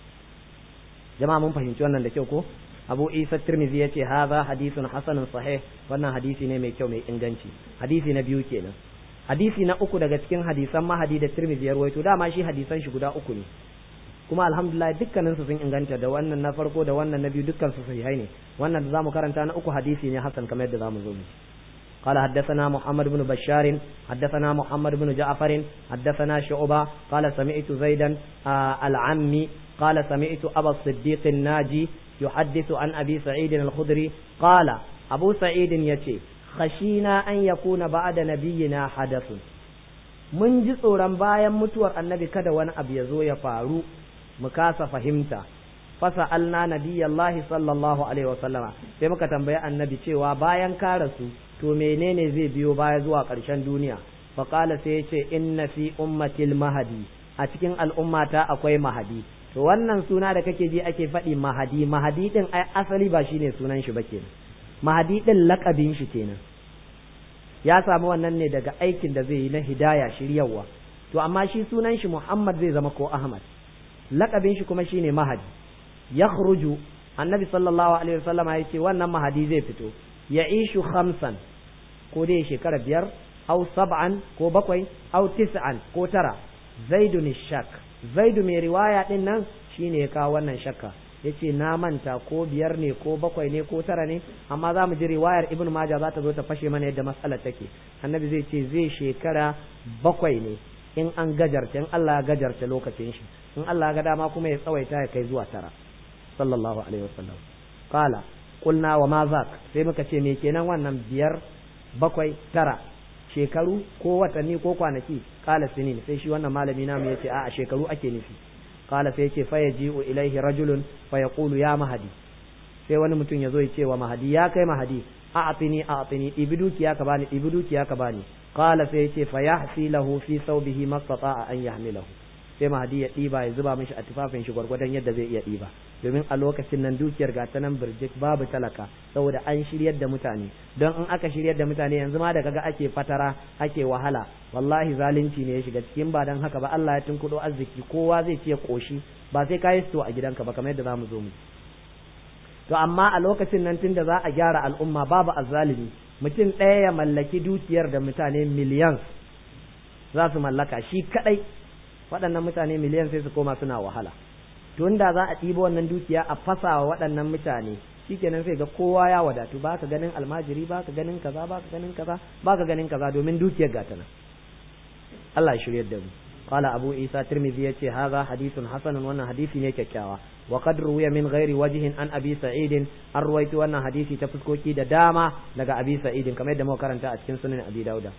jama'a mun fahimci wannan da kyau ko abu isa tirmidhi ya ce haza hadisin hasanun sahih wannan hadisi ne mai kyau mai inganci hadisi na biyu kenan hadisi na uku daga cikin hadisan mahadi da tirmidhi ya ruwaito dama shi hadisan shi guda uku ne kuma alhamdulillah dukkanin su sun inganta da wannan na farko da wannan na biyu dukkan su sahihai ne wannan da zamu karanta na uku hadisi ne hasan kamar yadda zamu zo mu قال حدثنا محمد بن بشار حدثنا محمد بن جعفر حدثنا شعبة قال سمعت زيدا العمي قال سمعت أبا الصديق الناجي يحدث عن أبي سعيد الخدري قال أبو سعيد يتي خشينا أن يكون بعد نبينا حدث mun ji tsoron bayan mutuwar annabi kada wani abu ya zo ya faru mu kasa fahimta fasa alna nabiyallahi sallallahu alaihi wasallama sai muka tambayi annabi cewa bayan ka rasu to menene zai biyo baya zuwa ƙarshen duniya faƙala sai yace ce inna fi ummatil mahadi a cikin al'ummata akwai mahadi to wannan suna da kake ji ake faɗi mahadi mahadi ɗin ai asali ba shine sunan shi ba kenan mahadi din lakabin shi kenan ya samu wannan ne daga aikin da zai yi na hidaya shiryawa to amma shi sunan shi Muhammad zai zama ko Ahmad lakabin shi kuma shine mahadi yakhruju annabi sallallahu alaihi wasallam ya ce wannan mahadi zai fito ya ishu khamsan ko dai shekara biyar au sab'an ko bakwai au tis'an ko tara zaidun shak zaidu mai riwaya din nan shine ya kawo wannan shakka yace na manta ko biyar ne ko bakwai ne ko tara ne amma za mu ji riwayar ibn majah za ta zo ta fashe mana yadda matsalar take annabi zai ce zai shekara bakwai ne in an gajarta in Allah ya gajarta lokacin shi in Allah ga dama kuma ya tsawaita ya kai zuwa tara sallallahu alaihi wasallam qala Kulna wa ma zak sai muka ce me kenan wannan biyar bakwai tara shekaru ko watanni ko kwanaki kala sinin sai shi wannan malami namu yace a'a shekaru ake nufi kala sai yace fa u ilaihi rajulun fa yaqulu ya mahadi sai wani mutum ya zo ya ce wa mahadi ya kai mahadi a'tini a'tini ɗibi dukiya ka bani ɗibi dukiya ka bani kala sai yace fa yahsi lahu fi thawbihi a an yahmilahu sai mahadi ya ɗiba ya zuba mishi a tufafin shi gwargwadon yadda zai iya ɗiba domin a lokacin nan dukiyar ga ta nan birjik babu talaka saboda an shiryar da mutane don in aka shiryar da mutane yanzu ma da kaga ake fatara ake wahala wallahi zalunci ne ya shiga cikin ba dan haka ba Allah ya tunkudo arziki kowa zai ciye koshi ba sai ka yi sto a gidanka ba kamar yadda zamu zo mu to amma a lokacin nan tunda za a gyara al'umma babu azzalimi mutum ɗaya ya mallaki dukiyar da mutane miliyan za su mallaka shi kadai waɗannan mutane miliyan sai su koma suna wahala to da za a ɗibo wannan dukiya a fasa wa waɗannan mutane kenan sai ga kowa ya wadatu ba ka ganin almajiri ba ka ganin kaza ba ka ganin kaza ba ka ganin kaza domin dukiyar gata nan Allah ya shiryar da mu qala abu isa tirmidhi yace hadha hadithun hasanun wannan hadisi ne kyakkyawa wa qad ruwiya min ghairi wajhin an abi sa'id an ruwaito wannan hadisi ta fuskoki da dama daga abi sa'id kamar yadda muka karanta a cikin sunan abi dauda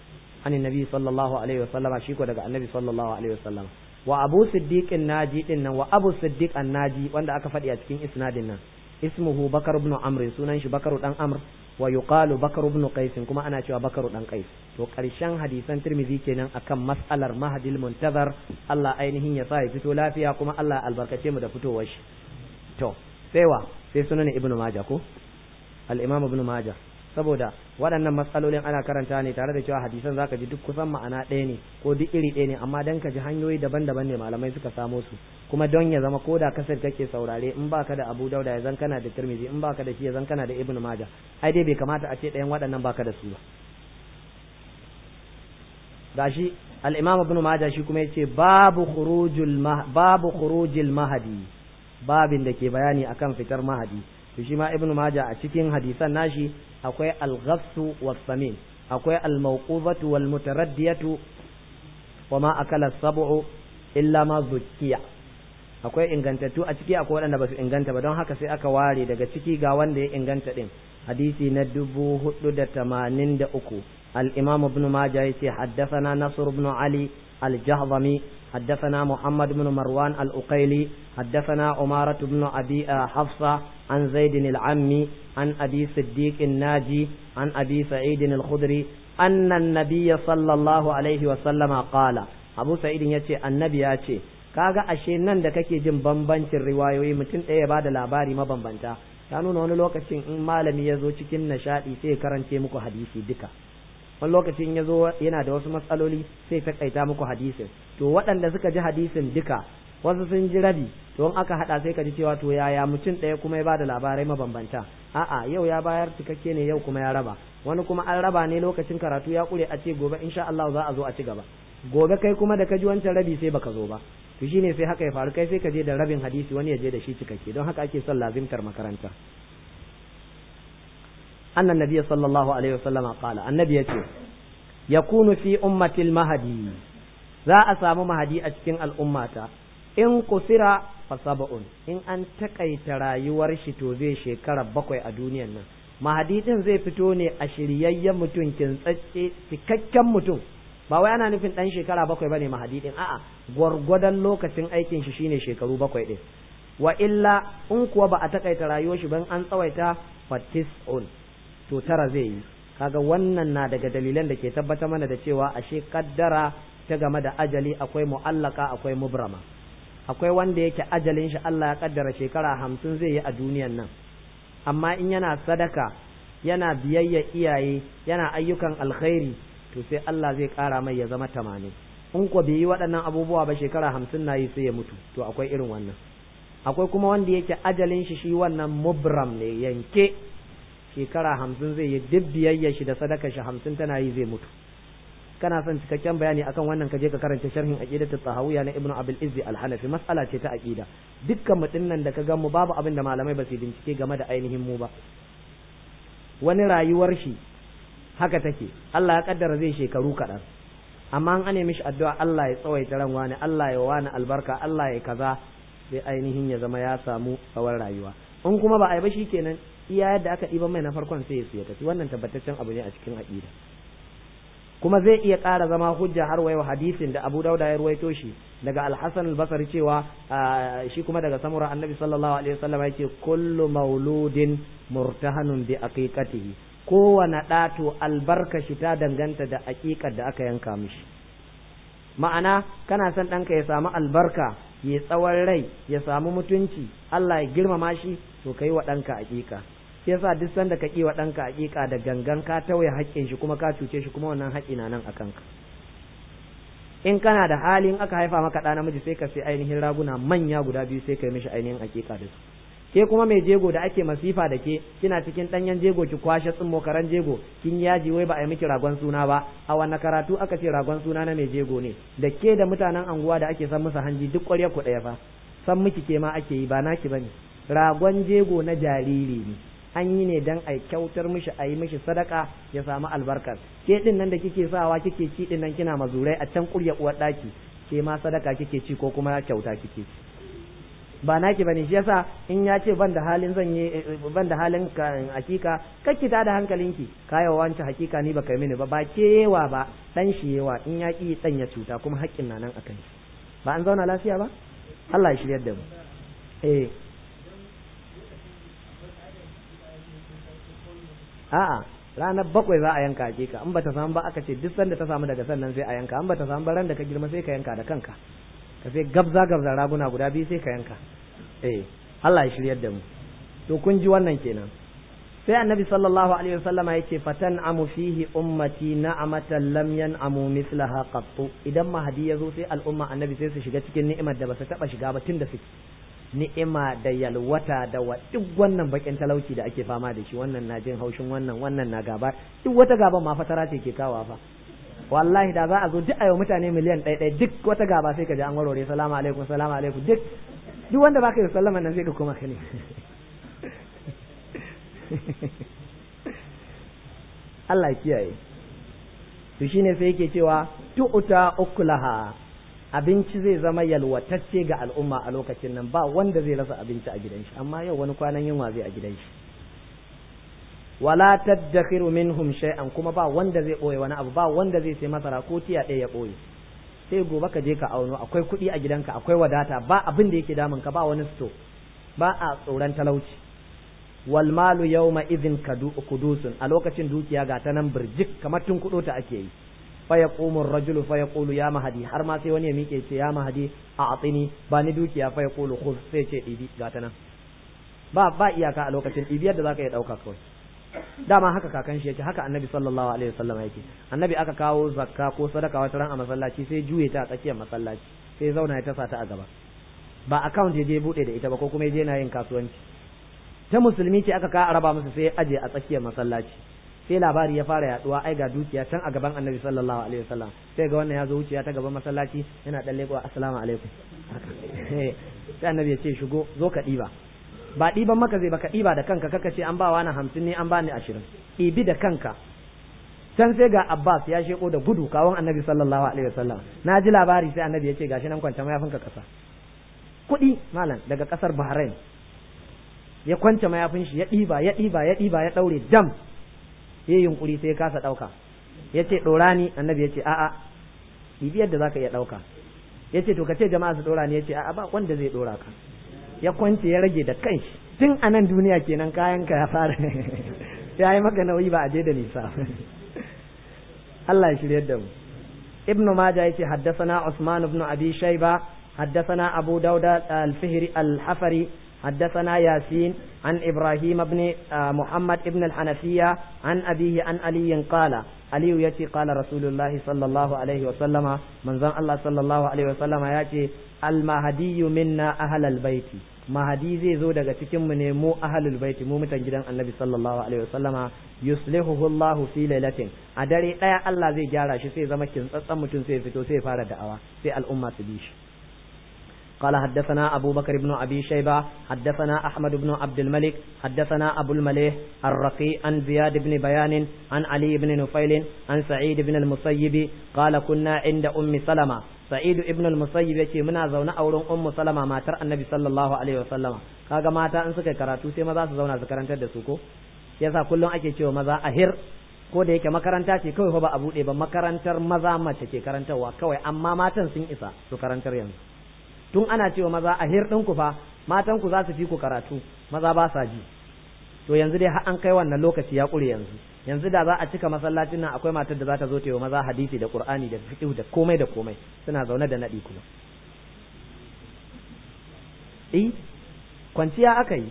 an annabi sallallahu alaihi wasallama shi ko daga annabi sallallahu alaihi wasallama wa abu siddiqin naji din nan wa abu siddiq an naji wanda aka faɗi a cikin isnadin nan ismuhu bakar ibn amr sunan shi bakaru dan amr wa yuqalu bakar ibn qais kuma ana cewa bakaru dan qais to karshen hadisan tirmizi kenan akan mas'alar mahadil muntazar Allah ainihin ya sa ya fito lafiya kuma Allah albarkace mu da fitowar shi to sai wa sai sunan ibn majah ko al imam ibn majah saboda waɗannan matsalolin ana karanta ne tare da cewa hadisan zaka ji duk kusan ma'ana ɗaya ne ko duk iri ɗaya ne amma dan ka ji hanyoyi daban-daban ne malamai suka samo su kuma don ya zama ko da kasar kake saurare in baka da Abu Dauda ya zan kana da Tirmidhi in baka da shi ya zan kana da Ibn Majah ai dai bai kamata a ce ɗayan waɗannan baka da su ba gashi al-Imam Ibn Majah shi kuma yace babu khurujul babu khurujil mahdi babin da ke bayani akan fitar mahadi to shi ma ibnu maja a cikin hadisan nashi akwai al-ghassu was-samin akwai al-mawqufatu wal-mutaraddiyatu wa ma akala sab'u illa ma zukkiya akwai ingantattu a ciki akwai waɗanda ba su inganta ba don haka sai aka ware daga ciki ga wanda ya inganta din hadisi na dubu hudu da tamanin da uku al-imam ibn maja yace haddathana nasr ibn ali al-jahdami حدثنا محمد بن مروان الأقيلي حدثنا عمارة بن أبي حفصة عن زيد العمي عن أبي صديق الناجي عن أبي سعيد الخدري أن النبي صلى الله عليه وسلم قال أبو سعيد يتي النبي يتي kaga ashe nan da kake jin bambancin riwayoyi mutum ɗaya ya bada labari mabambanta ta nuna wani lokacin in malami ya zo cikin nishaɗi sai ya karance muku hadisi duka wani lokacin ya zo yana da wasu matsaloli sai kaita muku hadisin to waɗanda suka ji hadisin duka wasu sun ji rabi to in aka haɗa sai ka ji cewa to yaya mutum ɗaya kuma ya ba da labarai mabambanta a'a yau ya bayar cikakke ne yau kuma ya raba wani kuma an raba ne lokacin karatu ya ƙure a ce gobe insha Allah za a zo a ci gaba gobe kai kuma da ka ji wancan rabi sai baka zo ba to shine sai haka ya faru kai sai ka je da rabin hadisi wani ya je da shi cikakke don haka ake son lazimtar makaranta annan nabiy sallallahu alaihi wasallama yace yakunu fi ummatil mahadi za a samu mahadi a cikin al'ummata in kusira fa sab'un in an takaita rayuwar shi to zai shekara bakwai a duniyar nan mahadi ɗin zai fito ne a shiryayyen mutum kintsatse cikakken mutum ba wai ana nufin ɗan shekara bakwai bane mahadi din a'a gwargwadon lokacin aikin shi shine shekaru bakwai ɗin wa illa in kuwa ba a takaita rayuwar shi ban an tsawaita fa to tara zai yi kaga wannan na daga dalilan da ke tabbata mana da cewa ashe kaddara ta game da ajali akwai mu'allaka akwai mubrama akwai wanda yake ajalin shi Allah ya kaddara shekara hamsin zai yi a duniyan nan amma in yana sadaka yana biyayya iyaye yana ayyukan alkhairi to sai Allah zai kara mai ya zama tamanin in ko bai yi waɗannan abubuwa ba shekara hamsin na yi sai ya mutu to akwai irin wannan akwai kuma wanda yake ajalin shi shi wannan mubram ne yanke shekara hamsin zai yi duk biyayya shi da sadaka shi hamsin tana yi zai mutu kana son cikakken bayani akan wannan kaje ka karanta sharhin at tahawiyya na ibnu abul izzi al-hanafi mas'ala ce ta aqida dukkan mu nan da ka ga mu babu abin da malamai ba su bincike game da ainihin mu ba wani rayuwar shi haka take Allah ya kaddara zai shekaru kaɗan amma an ane mishi addu'a Allah ya tsawaita ran wani Allah ya wani albarka Allah ya kaza sai ainihin ya zama ya samu tsawon rayuwa in kuma ba a yi ba shikenan iya yadda aka ɗiban mai na farkon sai ya siya tafi wannan tabbataccen abu ne a cikin aƙida kuma zai iya ƙara zama hujja har wayo hadisin da Abu Dauda ya ruwaito shi daga Al-Hasan cewa shi kuma daga samura Annabi sallallahu alaihi wasallam yake kullu mauludin murtahanun bi aqiqatihi kowane ɗato shi ta danganta da aƙiƙar da aka yanka mishi ma'ana kana son ɗanka ya samu albarka ya tsawon rai ya samu mutunci Allah ya girmama shi to kai wa ɗanka aƙiƙa shi yasa duk sanda ka ƙi wa ɗanka aƙiƙa da gangan ka tawaye haƙƙin shi kuma ka cuce shi kuma wannan haƙƙi na nan a kanka in kana da halin aka haifa maka ɗa namiji sai ka sai ainihin raguna manya guda biyu sai ka yi mishi ainihin aƙiƙa da su ke kuma mai jego da ake masifa da ke kina cikin ɗanyen jego ki kwashe tsimmo karan jego kin yi yaji wai ba a yi miki ragon suna ba a wanne karatu aka ce ragon suna na mai jego ne da ke da mutanen anguwa da ake san musa hanji duk ƙwarya ku ɗaya fa san miki ke ma ake yi ba naki bane ragon jego na jariri ne an yi ne don a kyautar mishi a yi mishi sadaka ya samu albarkar ke din nan da kike sawa kike ci din nan kina mazurai a can kurya uwar daki ke ma sadaka kike ci ko kuma kyauta kike ci ba naki bane shi yasa in ya ce ban da halin zan yi eh, eh, ban da halin ka eh, hakika kakki ta da hankalinki kaya wance hakika ni baka mini ba ba ke yewa ba dan shi yewa in ya ki dan ya cuta kuma haƙƙin na nan akan ba an zauna lafiya ba Allah ya shiryar da mu eh a'a ranar bakwai za a yanka ka in bata samu ba aka ce duk sanda ta samu daga sannan sai a yanka in bata samu ran da ka girma sai ka yanka da kanka ka sai gabza gabza raguna guda biyu sai ka yanka eh Allah ya shiryar da mu to kun ji wannan kenan sai annabi sallallahu alaihi wasallama yake fatan amu fihi ummati na'amatan lam yan'amu mislaha qattu idan mahadi zo sai al'umma annabi sai su shiga cikin ni'imar da ba su taba shiga ba tun da suke ni'ima da yalwata da wa duk wannan bakin talauci da ake fama da shi wannan na jin haushin wannan wannan na gaba duk wata gaban ma fatara ce ke kawa fa wallahi da za a zo duk ayo mutane miliyan ɗaya ɗaya duk wata gaba sai ka ji an warware salamu alaikum salamu alaikum duk duk wanda baka yi sallama nan sai ka koma ka ne Allah kiyaye to shine sai yake cewa tu'ta ukulaha abinci zai zama yalwatacce ga al'umma a lokacin nan ba wanda zai rasa abinci a gidan shi amma yau wani kwanan yunwa zai a gidan shi wala tadakhiru minhum shay'an kuma ba wanda zai boye wani abu ba wanda zai sai masara ko tiya ɗaya ya boye sai gobe ka je ka auno akwai kuɗi a gidanka akwai wadata ba abin da yake damun ka ba wani sto ba a tsoron talauci wal malu yawma idhin kudusun a lokacin dukiya ga ta nan birjik kamar tun kudo ta ake yi fa yaqumu ar-rajulu fa yaqulu ya mahadi har ma sai wani ya mike ce ya mahadi a'tini ba ni dukiya fa yaqulu khudh sai ce ibi gata nan ba ba iyaka a lokacin ibi da zaka iya dauka kawai dama haka kakan shi yace haka annabi sallallahu alaihi wasallam yake annabi aka kawo zakka ko sadaka wata ran a masallaci sai juye ta a tsakiyar masallaci sai zauna ya tasa ta a gaba ba account je bude da ita ba ko kuma je na yin kasuwanci ta musulmi ce aka ka araba musu sai ya aje a tsakiyar masallaci sai labari ya fara yaduwa ai ga dukiya can a gaban annabi sallallahu alaihi wasallam sai ga wannan ya zo wuciya ta gaban masallaci yana dan leƙo assalamu alaikum sai annabi ya ce shigo zo ka diba ba diban maka zai baka diba da kanka kaka ce an ba na hamsin ne an bani ashirin ibi da kanka can sai ga Abbas ya sheko da gudu kawon annabi sallallahu alaihi wasallam na ji labari sai annabi ya ce gashi nan kwanta mayafinka kasa kuɗi malam daga ƙasar Bahrain ya kwance mayafin shi ya ɗiba ya ɗiba ya ɗiba ya ɗaure dam yayi yunkuri sai ya kasa dauka yace dora ni annabi yace a'a bibiyar da zaka iya dauka yace to kace jama'a su dora ni yace a'a ba wanda zai dora ka ya kwance ya rage da kanshi tun a nan duniya kenan kayan ka ya fara ya yi maka nauyi ba a je da nisa Allah ya shiryar da mu ibnu maja yace haddathana usman ibn abi shayba haddathana abu dauda al-fihri al-hafari حدثنا ياسين عن إبراهيم بن محمد بن الحنفية عن أبيه عن علي قال علي يأتي قال رسول الله صلى الله عليه وسلم من ظن الله صلى الله عليه وسلم يأتي المهدي منا أهل البيت mahadi zai zo daga cikinmu ne mu ahalul baiti mu mutan gidan annabi sallallahu alaihi wasallama yuslihuhu Allah fi lailatin a dare daya Allah zai gyara shi sai zama kintsatsan mutum sai fito sai fara da'awa sai al'umma su bi shi قال حدثنا أبو بكر بن أبي شيبة حدثنا أحمد بن عبد الملك حدثنا أبو المليح الرقي عن زياد بن بيان عن علي بن نفيل عن سعيد بن المسيب قال كنا عند أم سلمة سعيد ibn al-musayyib yace muna zaune a wurin ummu salama matar annabi sallallahu alaihi wasallama kaga mata in suka karatu sai maza su zauna su karantar da su ko yasa kullum ake ce wa maza a ahir ko da yake makaranta ce kawai fa ba a bude ba makarantar maza mace ke karantarwa kawai amma matan sun isa su karantar yanzu tun ana cewa maza a hir ɗinku fa matan ku za su fi ku karatu maza ba sa ji to yanzu dai har an kai wannan lokaci ya ƙure yanzu yanzu da za a cika masallacin nan akwai matar da za ta zo ta yi wa maza hadisi da qur'ani da fiqh da komai da komai suna zaune da nadi kuma eh kwanciya aka yi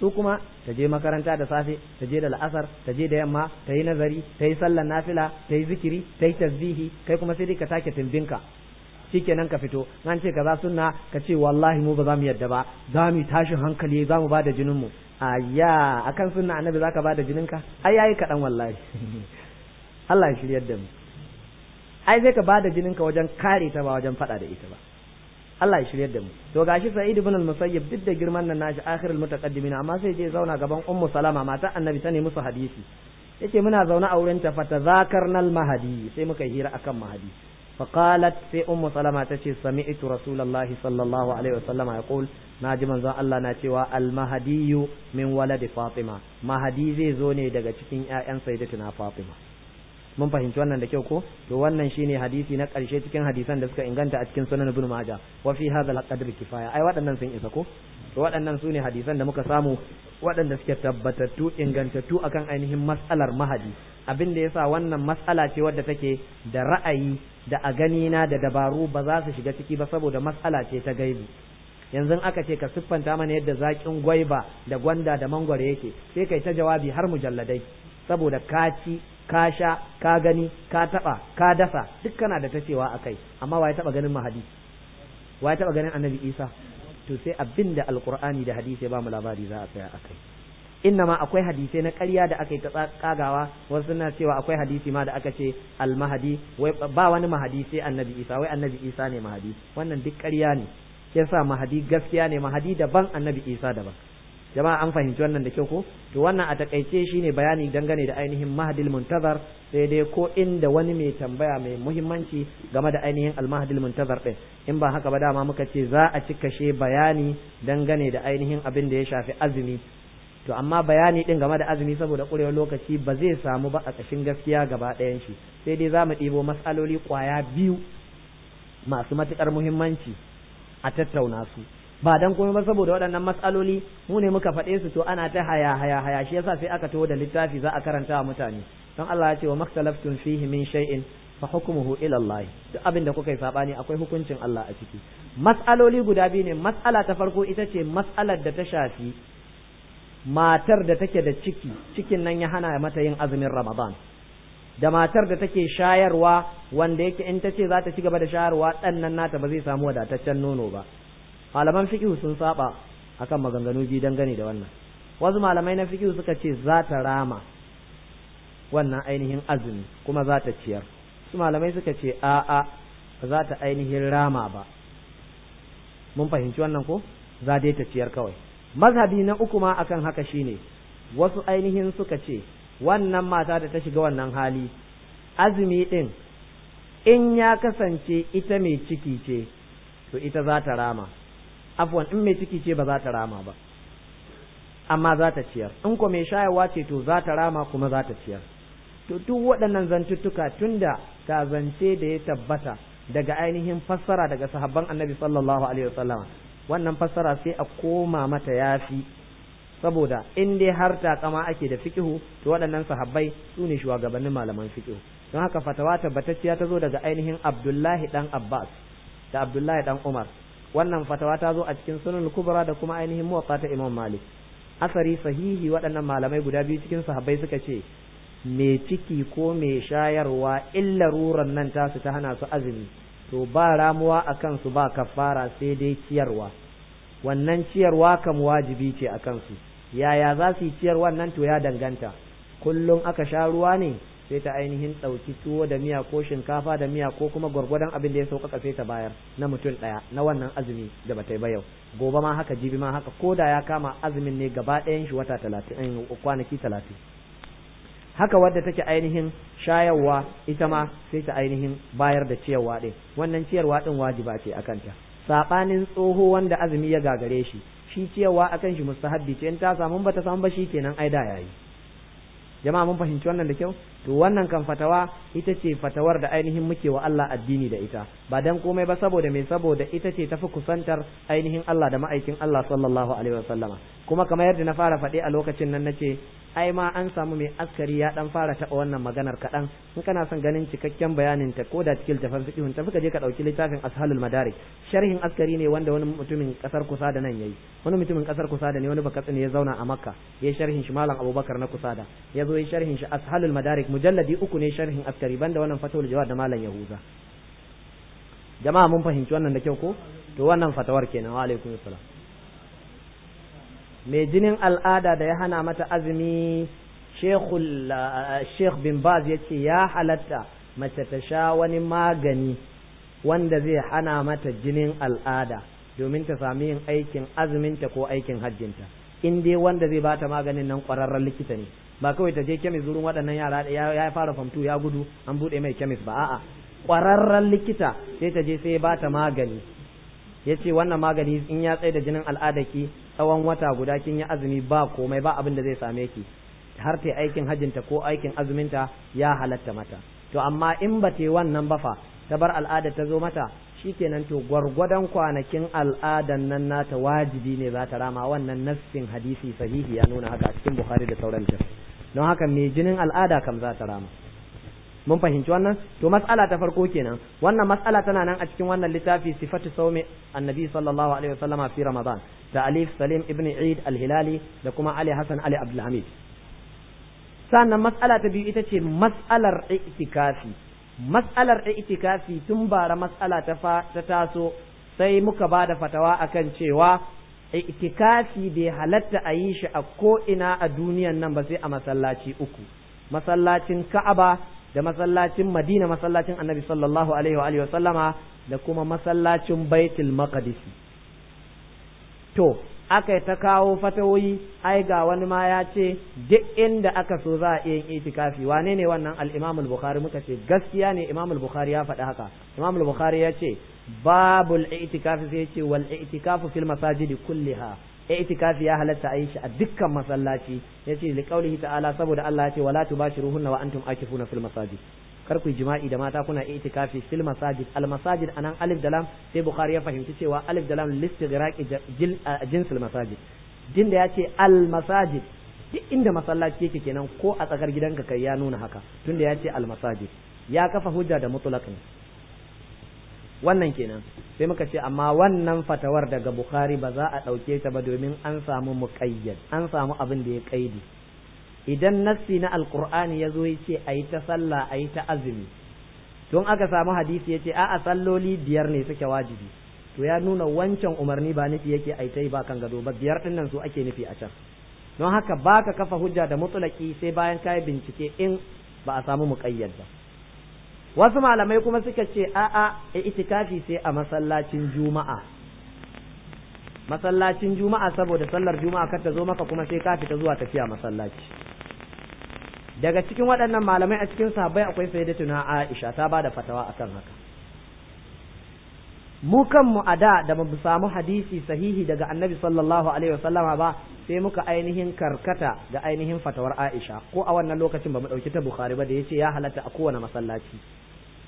su kuma ta je makaranta da safe ta je da la'asar ta je da yamma ta yi nazari ta yi sallar nafila ta yi zikiri ta yi tasbihi kai kuma sai dai ka take tumbinka shikenan ka fito an ce kaza sunna ka ce wallahi mu ba za mu yadda ba za mu tashi hankali za mu bada jinin mu ayya akan sunna annabi zaka bada jinin ka ai yayi kadan wallahi Allah ya shiryar da mu ai sai ka bada jinin ka wajen kare ta ba wajen fada da ita ba Allah ya shiryar da mu to gashi Sa'id ibn al-Musayyib duk da girman nan nashi akhirul mutaqaddimin amma sai je zauna gaban Ummu Salama mata Annabi ta ne musu hadisi yace muna zaune a wurin ta fatazakarnal mahadi sai muka hira akan mahadi فقالت في أم سلمة تشي سمعت رسول الله صلى الله عليه وسلم يقول ناجي من زان الله ناتي المهدي من ولد فاطمة مهدي زي زوني دقا تكين آيان سيدتنا فاطمة mun fahimci wannan da kyau ko to wannan shine hadisi na ƙarshe cikin hadisan da suka inganta a cikin sunan ibn majah wa fi hadha al-qadr kifaya ai waɗannan sun isa ko to waɗannan sune hadisan da muka samu waɗanda suke tabbatattu ingantattu akan ainihin mas'alar mahadi abin da yasa wannan mas'ala ce wadda take da ra'ayi da a gani na da dabaru ba za su shiga ciki ba saboda mas'ala ce ta gaibi yanzu aka ce ka siffanta mana yadda zaƙin gwaiba da gwanda da mangwaro yake sai kai ta jawabi har mujalladai saboda kaci ka sha ka gani ka taba ka dasa duk kana da ta cewa akai amma wa ya taba ganin mahadi wa ya taba ganin annabi isa to sai abinda alqur'ani da hadisi ba mu labari za a tsaya akai inna ma akwai hadisai na ƙarya da aka yi ta kagawa wasu suna cewa akwai hadisi ma da aka ce almahadi wai ba wani mahadi sai annabi isa wai annabi isa ne mahadi wannan duk ƙarya ne yasa mahadi gaskiya ne mahadi daban annabi isa daban jama'a an fahimci wannan da kyau ko to wannan a takaice shine bayani dangane da ainihin mahdil muntazar sai dai ko inda wani mai tambaya mai muhimmanci game da ainihin almahdil muntazar din in ba haka ba dama muka ce za a ci kashe bayani dangane da ainihin abin da ya shafi azumi to amma bayani din game da azumi saboda kurewar lokaci ba zai samu ba a ƙashin gaskiya gaba ɗayan shi sai dai za mu ɗibo matsaloli kwaya biyu masu matuƙar muhimmanci a tattauna su ba dan kuma ba saboda waɗannan matsaloli mu ne muka faɗe su to ana ta haya haya haya shi yasa sai aka taho da littafi za a karanta wa mutane don Allah ya ce wa maktalaftun fihi min shay'in fa hukmuhu ila Allah duk abin da kuka yi sabani akwai hukuncin Allah a ciki Matsaloli guda biyu ne matsala ta farko ita ce matsalar da ta shafi matar da take da ciki cikin nan ya hana mata yin azumin Ramadan da matar da take shayarwa wanda yake in ta ce za ta ci gaba da shayarwa ɗan nan nata ba zai samu wadataccen nono ba malaman fiqh sun saba akan maganganu biyu dangane da wannan wasu malamai na fiqh suka ce za ta rama wannan ainihin azumi kuma za ta ciyar su malamai suka ce a'a ba za ta ainihin rama ba mun fahimci wannan ko za dai ta ciyar kawai mazhabi na uku ma akan haka shine wasu ainihin suka ce wannan mata da ta shiga wannan hali azumi din in ya kasance ita mai ciki ce to ita za ta rama afwan in mai ciki ce ba za ta rama ba amma za ta ciyar in ko mai shayarwa ce to za ta rama kuma za ta ciyar to duk waɗannan zantuttuka tunda ta zance da ya tabbata daga ainihin fassara daga sahabban annabi sallallahu alaihi wasallam wannan fassara sai a koma mata yafi saboda in dai har takama ake da fikihu to waɗannan sahabbai su ne shugabannin malaman fikihu don haka fatawa tabbatacciya ta zo daga ainihin abdullahi dan abbas da abdullahi dan umar wannan fatawa ta zo a cikin sunan kubra da kuma ainihin muwatta ta imam malik asari sahihi waɗannan malamai guda biyu cikin sahabbai suka ce me ciki ko me shayarwa illa ruran nan ta su ta hana su azumi to ba ramuwa a kansu ba kafara sai dai ciyarwa wannan ciyarwa kam wajibi ce a kansu yaya za su yi ciyarwa nan to ya danganta kullum aka sha ruwa ne sai ta ainihin ɗauki tuwo da miya ko shinkafa da miya ko kuma gwargwadon abin da ya sauƙaƙa sai ta bayar na mutum ɗaya na wannan azumi da ba ta yi ba yau gobe ma haka jibi ma haka ko da ya kama azumin ne gaba ɗayan shi wata talatin eh, kwanaki talatin haka wadda take ainihin shayarwa ita ma sai ta ainihin bayar da ciyarwa ɗin wannan ciyarwa ɗin wajiba ce a kanta saɓanin tsoho wanda azumi ya gagare shi shi ciyarwa akan shi mustahabbi ce in ta samu ba ta samu ba shi kenan ai da yayi jama'a mun fahimci wannan da kyau to wannan kan fatawa ita ce fatawar da ainihin muke wa Allah addini da ita ba dan komai ba saboda me saboda ita ce tafi kusantar ainihin Allah da ma'aikin Allah sallallahu alaihi wasallama kuma kamar yadda na fara faɗi a lokacin nan nace ai ma an samu mai askari ya dan fara taɓa wannan maganar kaɗan in kana son ganin cikakken bayanin ta ko da cikin tafan fiqhun tafi ka je ka ɗauki littafin ashalul madarik sharhin askari ne wanda wani mutumin kasar kusa da nan yayi wani mutumin ƙasar kusa da ne wani baka ne ya zauna a makka ya sharhin shi malam abubakar na kusa da ya zo ya sharhin shi ashalul madarik mujalladi uku ne sharhin askari banda wannan fatawar jawad da malam yahuza jama'a mun fahimci wannan da kyau ko to wannan fatawar kenan wa alaikum assalam mai jinin al'ada da ya hana mata azumi shekul sheikh bin baz yace ya halatta mace ta sha wani magani wanda zai hana mata jinin al'ada domin ta sami yin aikin azuminta ko aikin hajjinta in dai wanda zai bata maganin nan kwararren likita ne ba kawai ta je kemis wurin waɗannan yara ya fara famtu ya gudu an buɗe mai kemis ba a'a ƙwararren likita sai ta je sai ba ta magani ya ce wannan magani in ya tsaye da jinin al'adaki tsawon wata guda kin yi azumi ba komai ba abin da zai same ki har ta aikin hajjinta ko aikin azuminta ya halatta mata to amma in ba ta wannan ba fa ta bar al'ada ta zo mata shi kenan to gwargwadon kwanakin al'adan nan nata wajibi ne za ta rama wannan nassin hadisi sahihi ya nuna haka a cikin bukhari da sauran don haka mai jinin al'ada kam za ta rama mun fahimci wannan to mas'ala ta farko kenan wannan mas'ala tana nan a cikin wannan littafi sifatu sawmi annabi sallallahu alaihi wasallama fi ramadan da alif salim ibn eid al-hilali da kuma ali hasan ali abdulhamid sannan mas'ala ta biyu ita ce mas'alar i'tikafi mas'alar i'tikafi tun bara mas'ala ta ta taso sai muka ba da fatawa akan cewa itikafi bai halatta a yi shi a ko'ina a duniyan nan ba sai a masallaci uku masallacin ka'aba da masallacin madina masallacin annabi sallallahu alaihi wa da kuma masallacin baitul maqdisi to aka ta kawo fatawoyi ai ga wani ma ya ce duk inda aka so za a iya yin itikafi wane ne wannan al bukhari muka ce gaskiya ne imamul bukhari ya faɗi haka imamul al-Bukhari ya ce babul i'tikafi sai yace wal i'tikafu fil masajidi kulliha i'tikafi ya halatta a yi shi a dukkan masallaci yace li qaulihi ta'ala saboda Allah ya yace wala tubashiruhunna wa antum akifuna fil masajid kar ku jima'i da mata kuna i'tikafi fil masajid al masajid anan alif da lam sai bukhari ya fahimci cewa alif da lam listighraqi jinsil masajid din da yace al masajid duk inda masallaci yake kenan ko a tsakar gidanka kai ya nuna haka tunda yace al masajid ya kafa hujja da mutlaq wannan kenan sai muka ce amma wannan fatawar daga bukhari ba za a ɗauke ta ba domin an samu muƙayyad an samu abin da ya kaidi idan nassi na alƙur'ani ya zo ya ce a yi ta sallah a yi ta azumi tun aka samu hadisi ya ce a'a salloli biyar ne suke wajibi to ya nuna wancan umarni ba nufi yake a yi ta yi ba kan gado ba biyar ɗin nan su ake nufi a can don haka ba ka kafa hujja da mutulaki sai bayan ka yi bincike in ba a samu muƙayyad ba wasu malamai kuma suka ce a'a itikafi sai a masallacin juma'a masallacin juma'a saboda sallar juma'a kar ta zo maka kuma sai ka fita zuwa tafiya masallaci daga cikin waɗannan malamai a cikin sahabbai akwai sayyidatuna Aisha ta bada fatawa akan haka mu kanmu a da da mu samu hadisi sahihi daga annabi sallallahu alaihi wasallama ba sai muka ainihin karkata da ainihin fatawar Aisha ko a wannan lokacin ba mu ɗauki ta Bukhari ba da yace ya halatta a kowane masallaci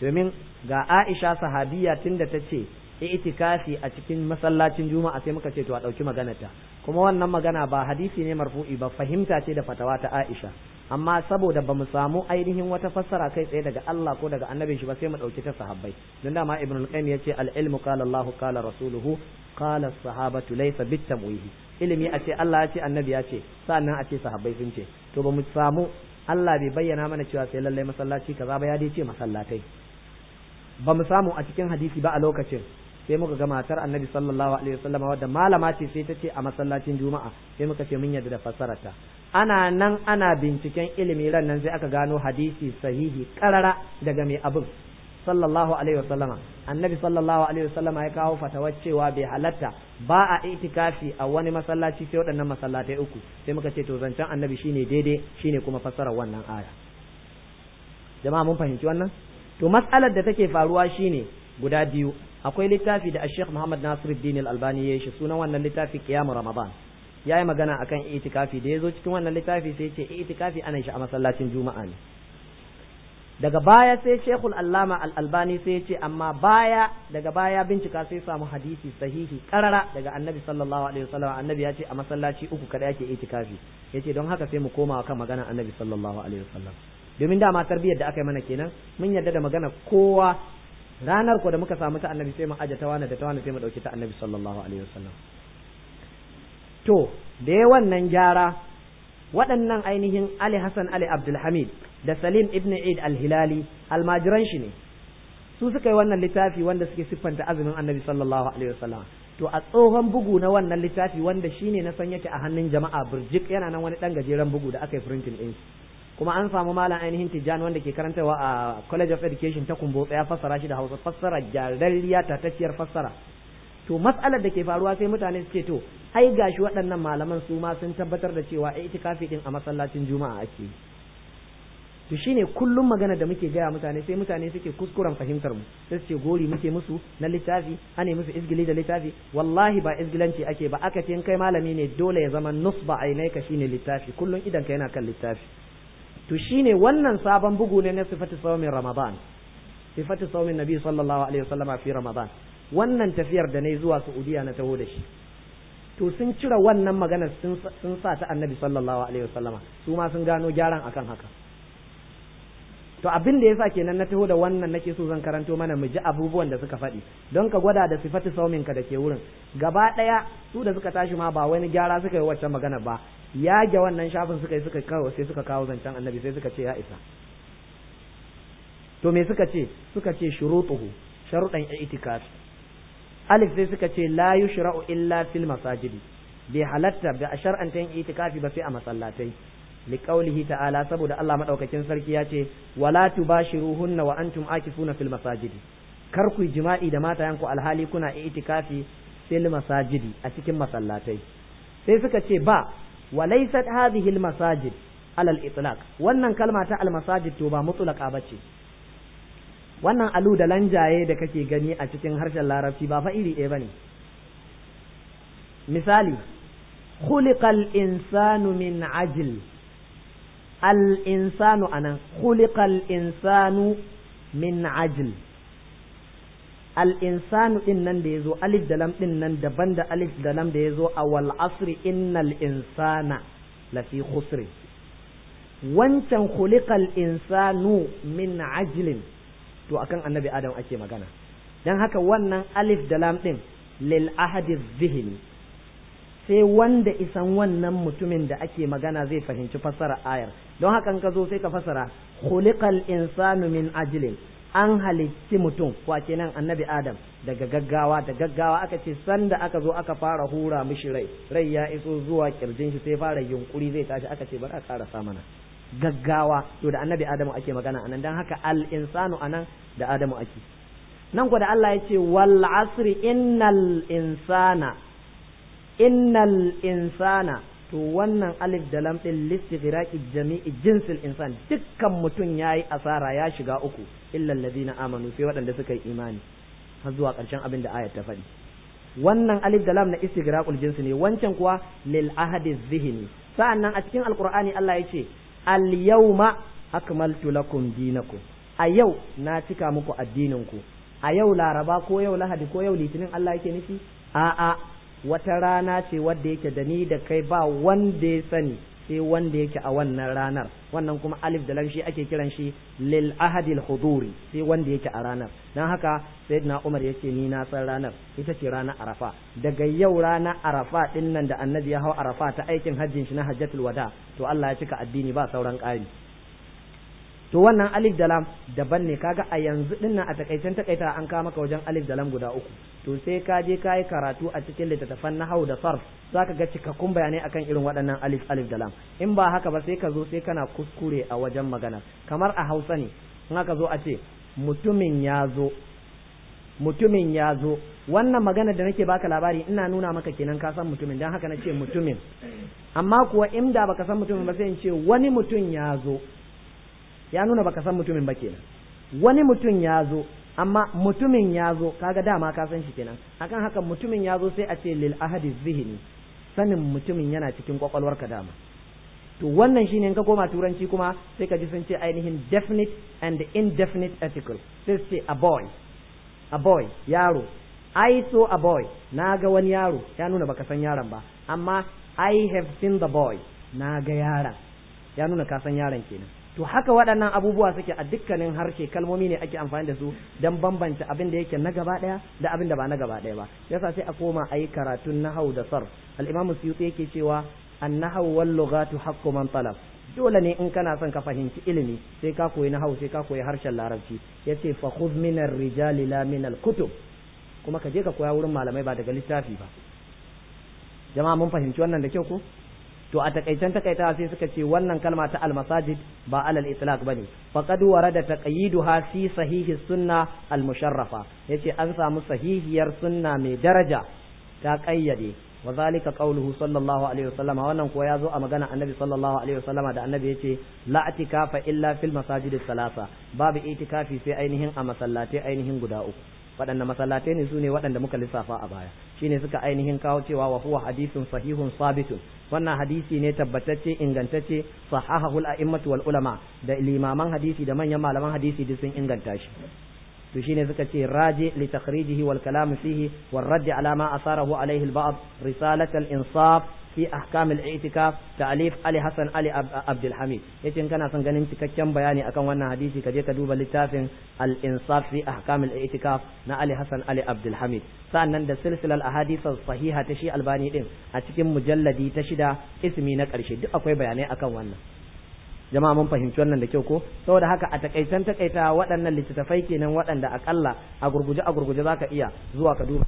domin ga Aisha sahabiya da ta ce itikafi a cikin masallacin juma'a sai muka ce to a dauki maganarta kuma wannan magana ba hadisi ne marfu'i ba fahimta ce da fatawa ta Aisha amma saboda ba mu samu ainihin wata fassara kai tsaye daga Allah ko daga annabin shi ba sai mu dauki ta sahabbai don dama ibn al-qayyim yace al-ilmu qala Allah qala rasuluhu qala sahabatu laysa bitamwihi ilimi a ce Allah ya ce annabi ya ce sannan a ce sahabbai sun ce to ba mu samu Allah bai bayyana mana cewa sai lallai masallaci kaza ba ya dai ce masallatai ba mu samu a cikin hadisi ba a lokacin sai muka ga matar annabi sallallahu alaihi wasallama wadda malama ce sai ta ce a masallacin juma'a sai muka ce mun yarda da ta ana nan ana binciken ilimi ran nan sai aka gano hadisi sahihi karara daga mai abin sallallahu alaihi wasallama annabi sallallahu alaihi wasallama ya kawo fatawar cewa bai halatta ba a itikafi a wani masallaci sai waɗannan masallatai uku sai muka ce to zancen annabi shine daidai shine kuma fassarar wannan aya jama'a mun fahimci wannan to matsalar da take faruwa shine guda biyu akwai littafi da Sheikh Muhammad Nasiruddin Al-Albani ya shi sunan wannan littafi Qiyamu Ramadan ya yi magana akan itikafi da ya zo cikin wannan littafi sai ce eh, itikafi ana shi a masallacin juma'a ne daga baya sai al Allama Al-Albani sai ce amma baya daga baya bincika sai samu hadisi sahihi karara daga Annabi sallallahu alaihi wasallam Annabi ya ce a masallaci uku kada yake itikafi ya ce don haka sai mu koma kan magana Annabi sallallahu alaihi wasallam domin dama tarbiyyar da aka yi mana kenan mun yarda da magana kowa ranar ko da muka samu ta annabi sai mu aje ta wani da ta wani sai mu dauki ta annabi sallallahu alaihi wasallam to da wannan gyara waɗannan ainihin Ali Hassan Ali Abdulhamid da Salim Ibn aid Al-Hilali almajiran shi ne su suka yi wannan littafi wanda suke siffanta azumin annabi sallallahu alaihi wasallam to a tsohon bugu na wannan littafi wanda shine na san yake a hannun jama'a burjik yana nan wani dan gajeren bugu da aka yi printing din kuma an samu malam ainihin tijjani wanda ke karantawa a college of education ta kumbo ya fassara shi da hausa fassara ta tatacciyar fassara to matsalar da ke faruwa sai mutane suke to ai gashi waɗannan malaman su ma sun tabbatar da cewa itikafi din a masallacin juma'a ake to shine kullum magana da muke gaya mutane sai mutane suke kuskuren fahimtar mu sai su ce gori muke musu na littafi ane musu izgili da littafi wallahi ba izgilanci ake ba aka ce kai malami ne dole ya zama nusba ainai ka shine littafi kullum idan ka yana kan littafi to shine wannan sabon bugu ne na sifatu saumin ramadan sifatu saumin nabi sallallahu alaihi wasallam fi ramadan wannan tafiyar da nayi zuwa saudiya na taho da shi to sun cire wannan maganar sun sa ta annabi sallallahu alaihi wasallama su ma sun gano gyaran akan haka to abin da yasa kenan na taho da wannan nake so zan karanto mana mu ji abubuwan da suka faɗi don ka gwada da sifatu saumin ka da ke wurin gaba ɗaya su da suka tashi ma ba wani gyara suka yi wacce magana ba yage wannan shafin suka yi suka kawo sai suka kawo zancen annabi sai suka ce ya isa to me suka ce suka ce shurutuhu sharuɗan itikaf alif sai suka ce la yushra'u illa fil masajidi bai halatta bi a shar'anta itikafi ba sai a masallatai liƙaulihi ta'ala saboda Allah madaukakin sarki ya ce wala shi wa antum akifuna fil masajidi kar kuyi jima'i da matayanku alhali kuna itikafi fil a cikin masallatai sai suka ce ba walaysat hadhihi al masajid alal itlaq wannan kalma ta almasajid to ba mutlaqa ce wannan alu da lanjaye da kake gani a cikin harshen larabci ba fa iri ba bane misali khuliqal insanu min ajil al'insanu a nan khuliqal insanu min ajil al'insanu ɗin nan da ya zo alif da lam ɗin nan daban da alif da lam da ya zo a wal asri innal insana lafi khusri wancan khuliqal insanu min ajilin to akan annabi adam ake magana dan haka wannan alif da lam ɗin lil ahadi zihni sai wanda isan wannan mutumin da ake magana zai fahimci fassara ayar don haka ka zo sai ka fassara khuliqal insanu min ajlin an halicci mutum wa kenan annabi adam daga gaggawa da gaggawa aka ce sanda aka zo aka fara hura mishi rai rai ya iso zuwa kirjin shi sai fara yunkuri zai tashi aka ce bari a karasa mana gaggawa to da annabi adamu ake magana anan dan haka al insanu anan da adamu ake nan ko da Allah ya ce wal asri innal insana innal insana to wannan alif da lam din giraƙi jami'i jinsil insan dukkan mutum yayi asara ya shiga uku illal ladina amanu sai waɗanda suka yi imani har zuwa ƙarshen abin da ayat ta faɗi wannan alif da lam na istighraqul jinsi ne wancan kuwa lil ahadi zihni sa'annan a cikin alqur'ani Allah yace al yawma akmaltu lakum dinakum a yau na cika muku addinin ku a yau laraba ko yau lahadi ko yau litinin Allah yake nufi a'a wata rana ce wadda yake da ni da kai ba wanda ya sani sai wanda yake a wannan ranar wannan kuma alif da lam shi ake kiran shi lil ahadil huduri sai wanda yake a ranar dan haka sayyidina umar yace ni na san ranar ita ce ranar arafa daga yau ranar arafa din da annabi ya hau arafa ta aikin hajjin shi na hajjatul wada to Allah ya cika addini ba sauran ƙari to wannan alif da lam daban ne kaga a yanzu din nan a takaicen takaita an kama maka wajen alif da lam guda uku to sai ka je ka yi karatu a cikin littattafan na hau da sarf zaka ga cikakkun bayanai akan irin waɗannan alif alif da lam in ba haka ba sai ka zo sai kana kuskure a wajen magana kamar a Hausa ne in aka zo a ce mutumin ya zo mutumin ya zo wannan magana da nake baka labari ina nuna maka kenan ka san mutumin dan haka nace mutumin amma kuwa in da baka san mutumin ba sai in ce wani mutum ya zo ya nuna baka san mutumin ba kenan wani mutum ya zo amma mutumin ya zo kaga dama ka san shi kenan akan haka mutumin ya zo sai a ce lil ahadi zihni sanin mutumin yana cikin kwakwalwar ka dama to wannan shine in ka koma turanci kuma sai ka ji sun ce ainihin definite and indefinite article sai ce a boy a boy yaro I saw a boy na ga wani yaro ya nuna baka san yaron ba amma I have seen the boy na ga yaron ya nuna ka san yaron kenan to haka waɗannan abubuwa suke a dukkanin harshe kalmomi ne ake amfani da su don bambanta abin da yake na gaba ɗaya da abin da ba na gaba ɗaya ba yasa sai a koma a yi karatun nahau da Sar al'imamu imam suyuti yake cewa an-nahau wal lughatu haqqu man talab dole ne in kana son ka fahimci ilimi sai ka koyi nahau sai ka koyi harshen larabci yace fa khudh min ar-rijali la min kutub kuma ka je ka koya wurin malamai ba daga littafi ba jama'a mun fahimci wannan da kyau ko to a takaicen takaita sai suka ce wannan kalma ta almasajid ba alal itlaq bane faqad warada taqyiduha fi sahihi sunna almusharrafa yace an samu sahihiyar sunna mai daraja ta kayyade wa zalika qawluhu sallallahu alaihi wannan ko ya zo a magana annabi sallallahu alaihi da annabi yace la atikafa illa fil masajid salasa babu itikafi sai ainihin a masallatai ainihin guda uku waɗanne masallatai ne su ne waɗanda muka lissafa a baya shine suka ainihin kawo cewa wa huwa sahihun sabitun wannan hadisi ne tabbatacce ingantacce sahahahu aimmatu wal ulama da limaman hadisi da manyan malaman hadisi duk sun inganta shi to shine suka ce raji li takhrijihi wal kalam fihi wal radd ala ma asarahu alaihi al ba'd risalat insaf fi ahkamil i'tikaf da alif ali hasan ali abdul hamid yace in kana son ganin cikakken bayani akan wannan hadisi ka je ka duba littafin al insaf fi ahkamil i'tikaf na ali hasan ali abdul hamid sannan da silsilar ahadith sahiha ta shi albani din a cikin mujalladi ta shida ismi na karshe duk akwai bayanai akan wannan jama'a mun fahimci wannan da kyau ko saboda haka a takaitan takaita waɗannan littattafai kenan waɗanda akalla a gurguje a gurguje zaka iya zuwa ka duba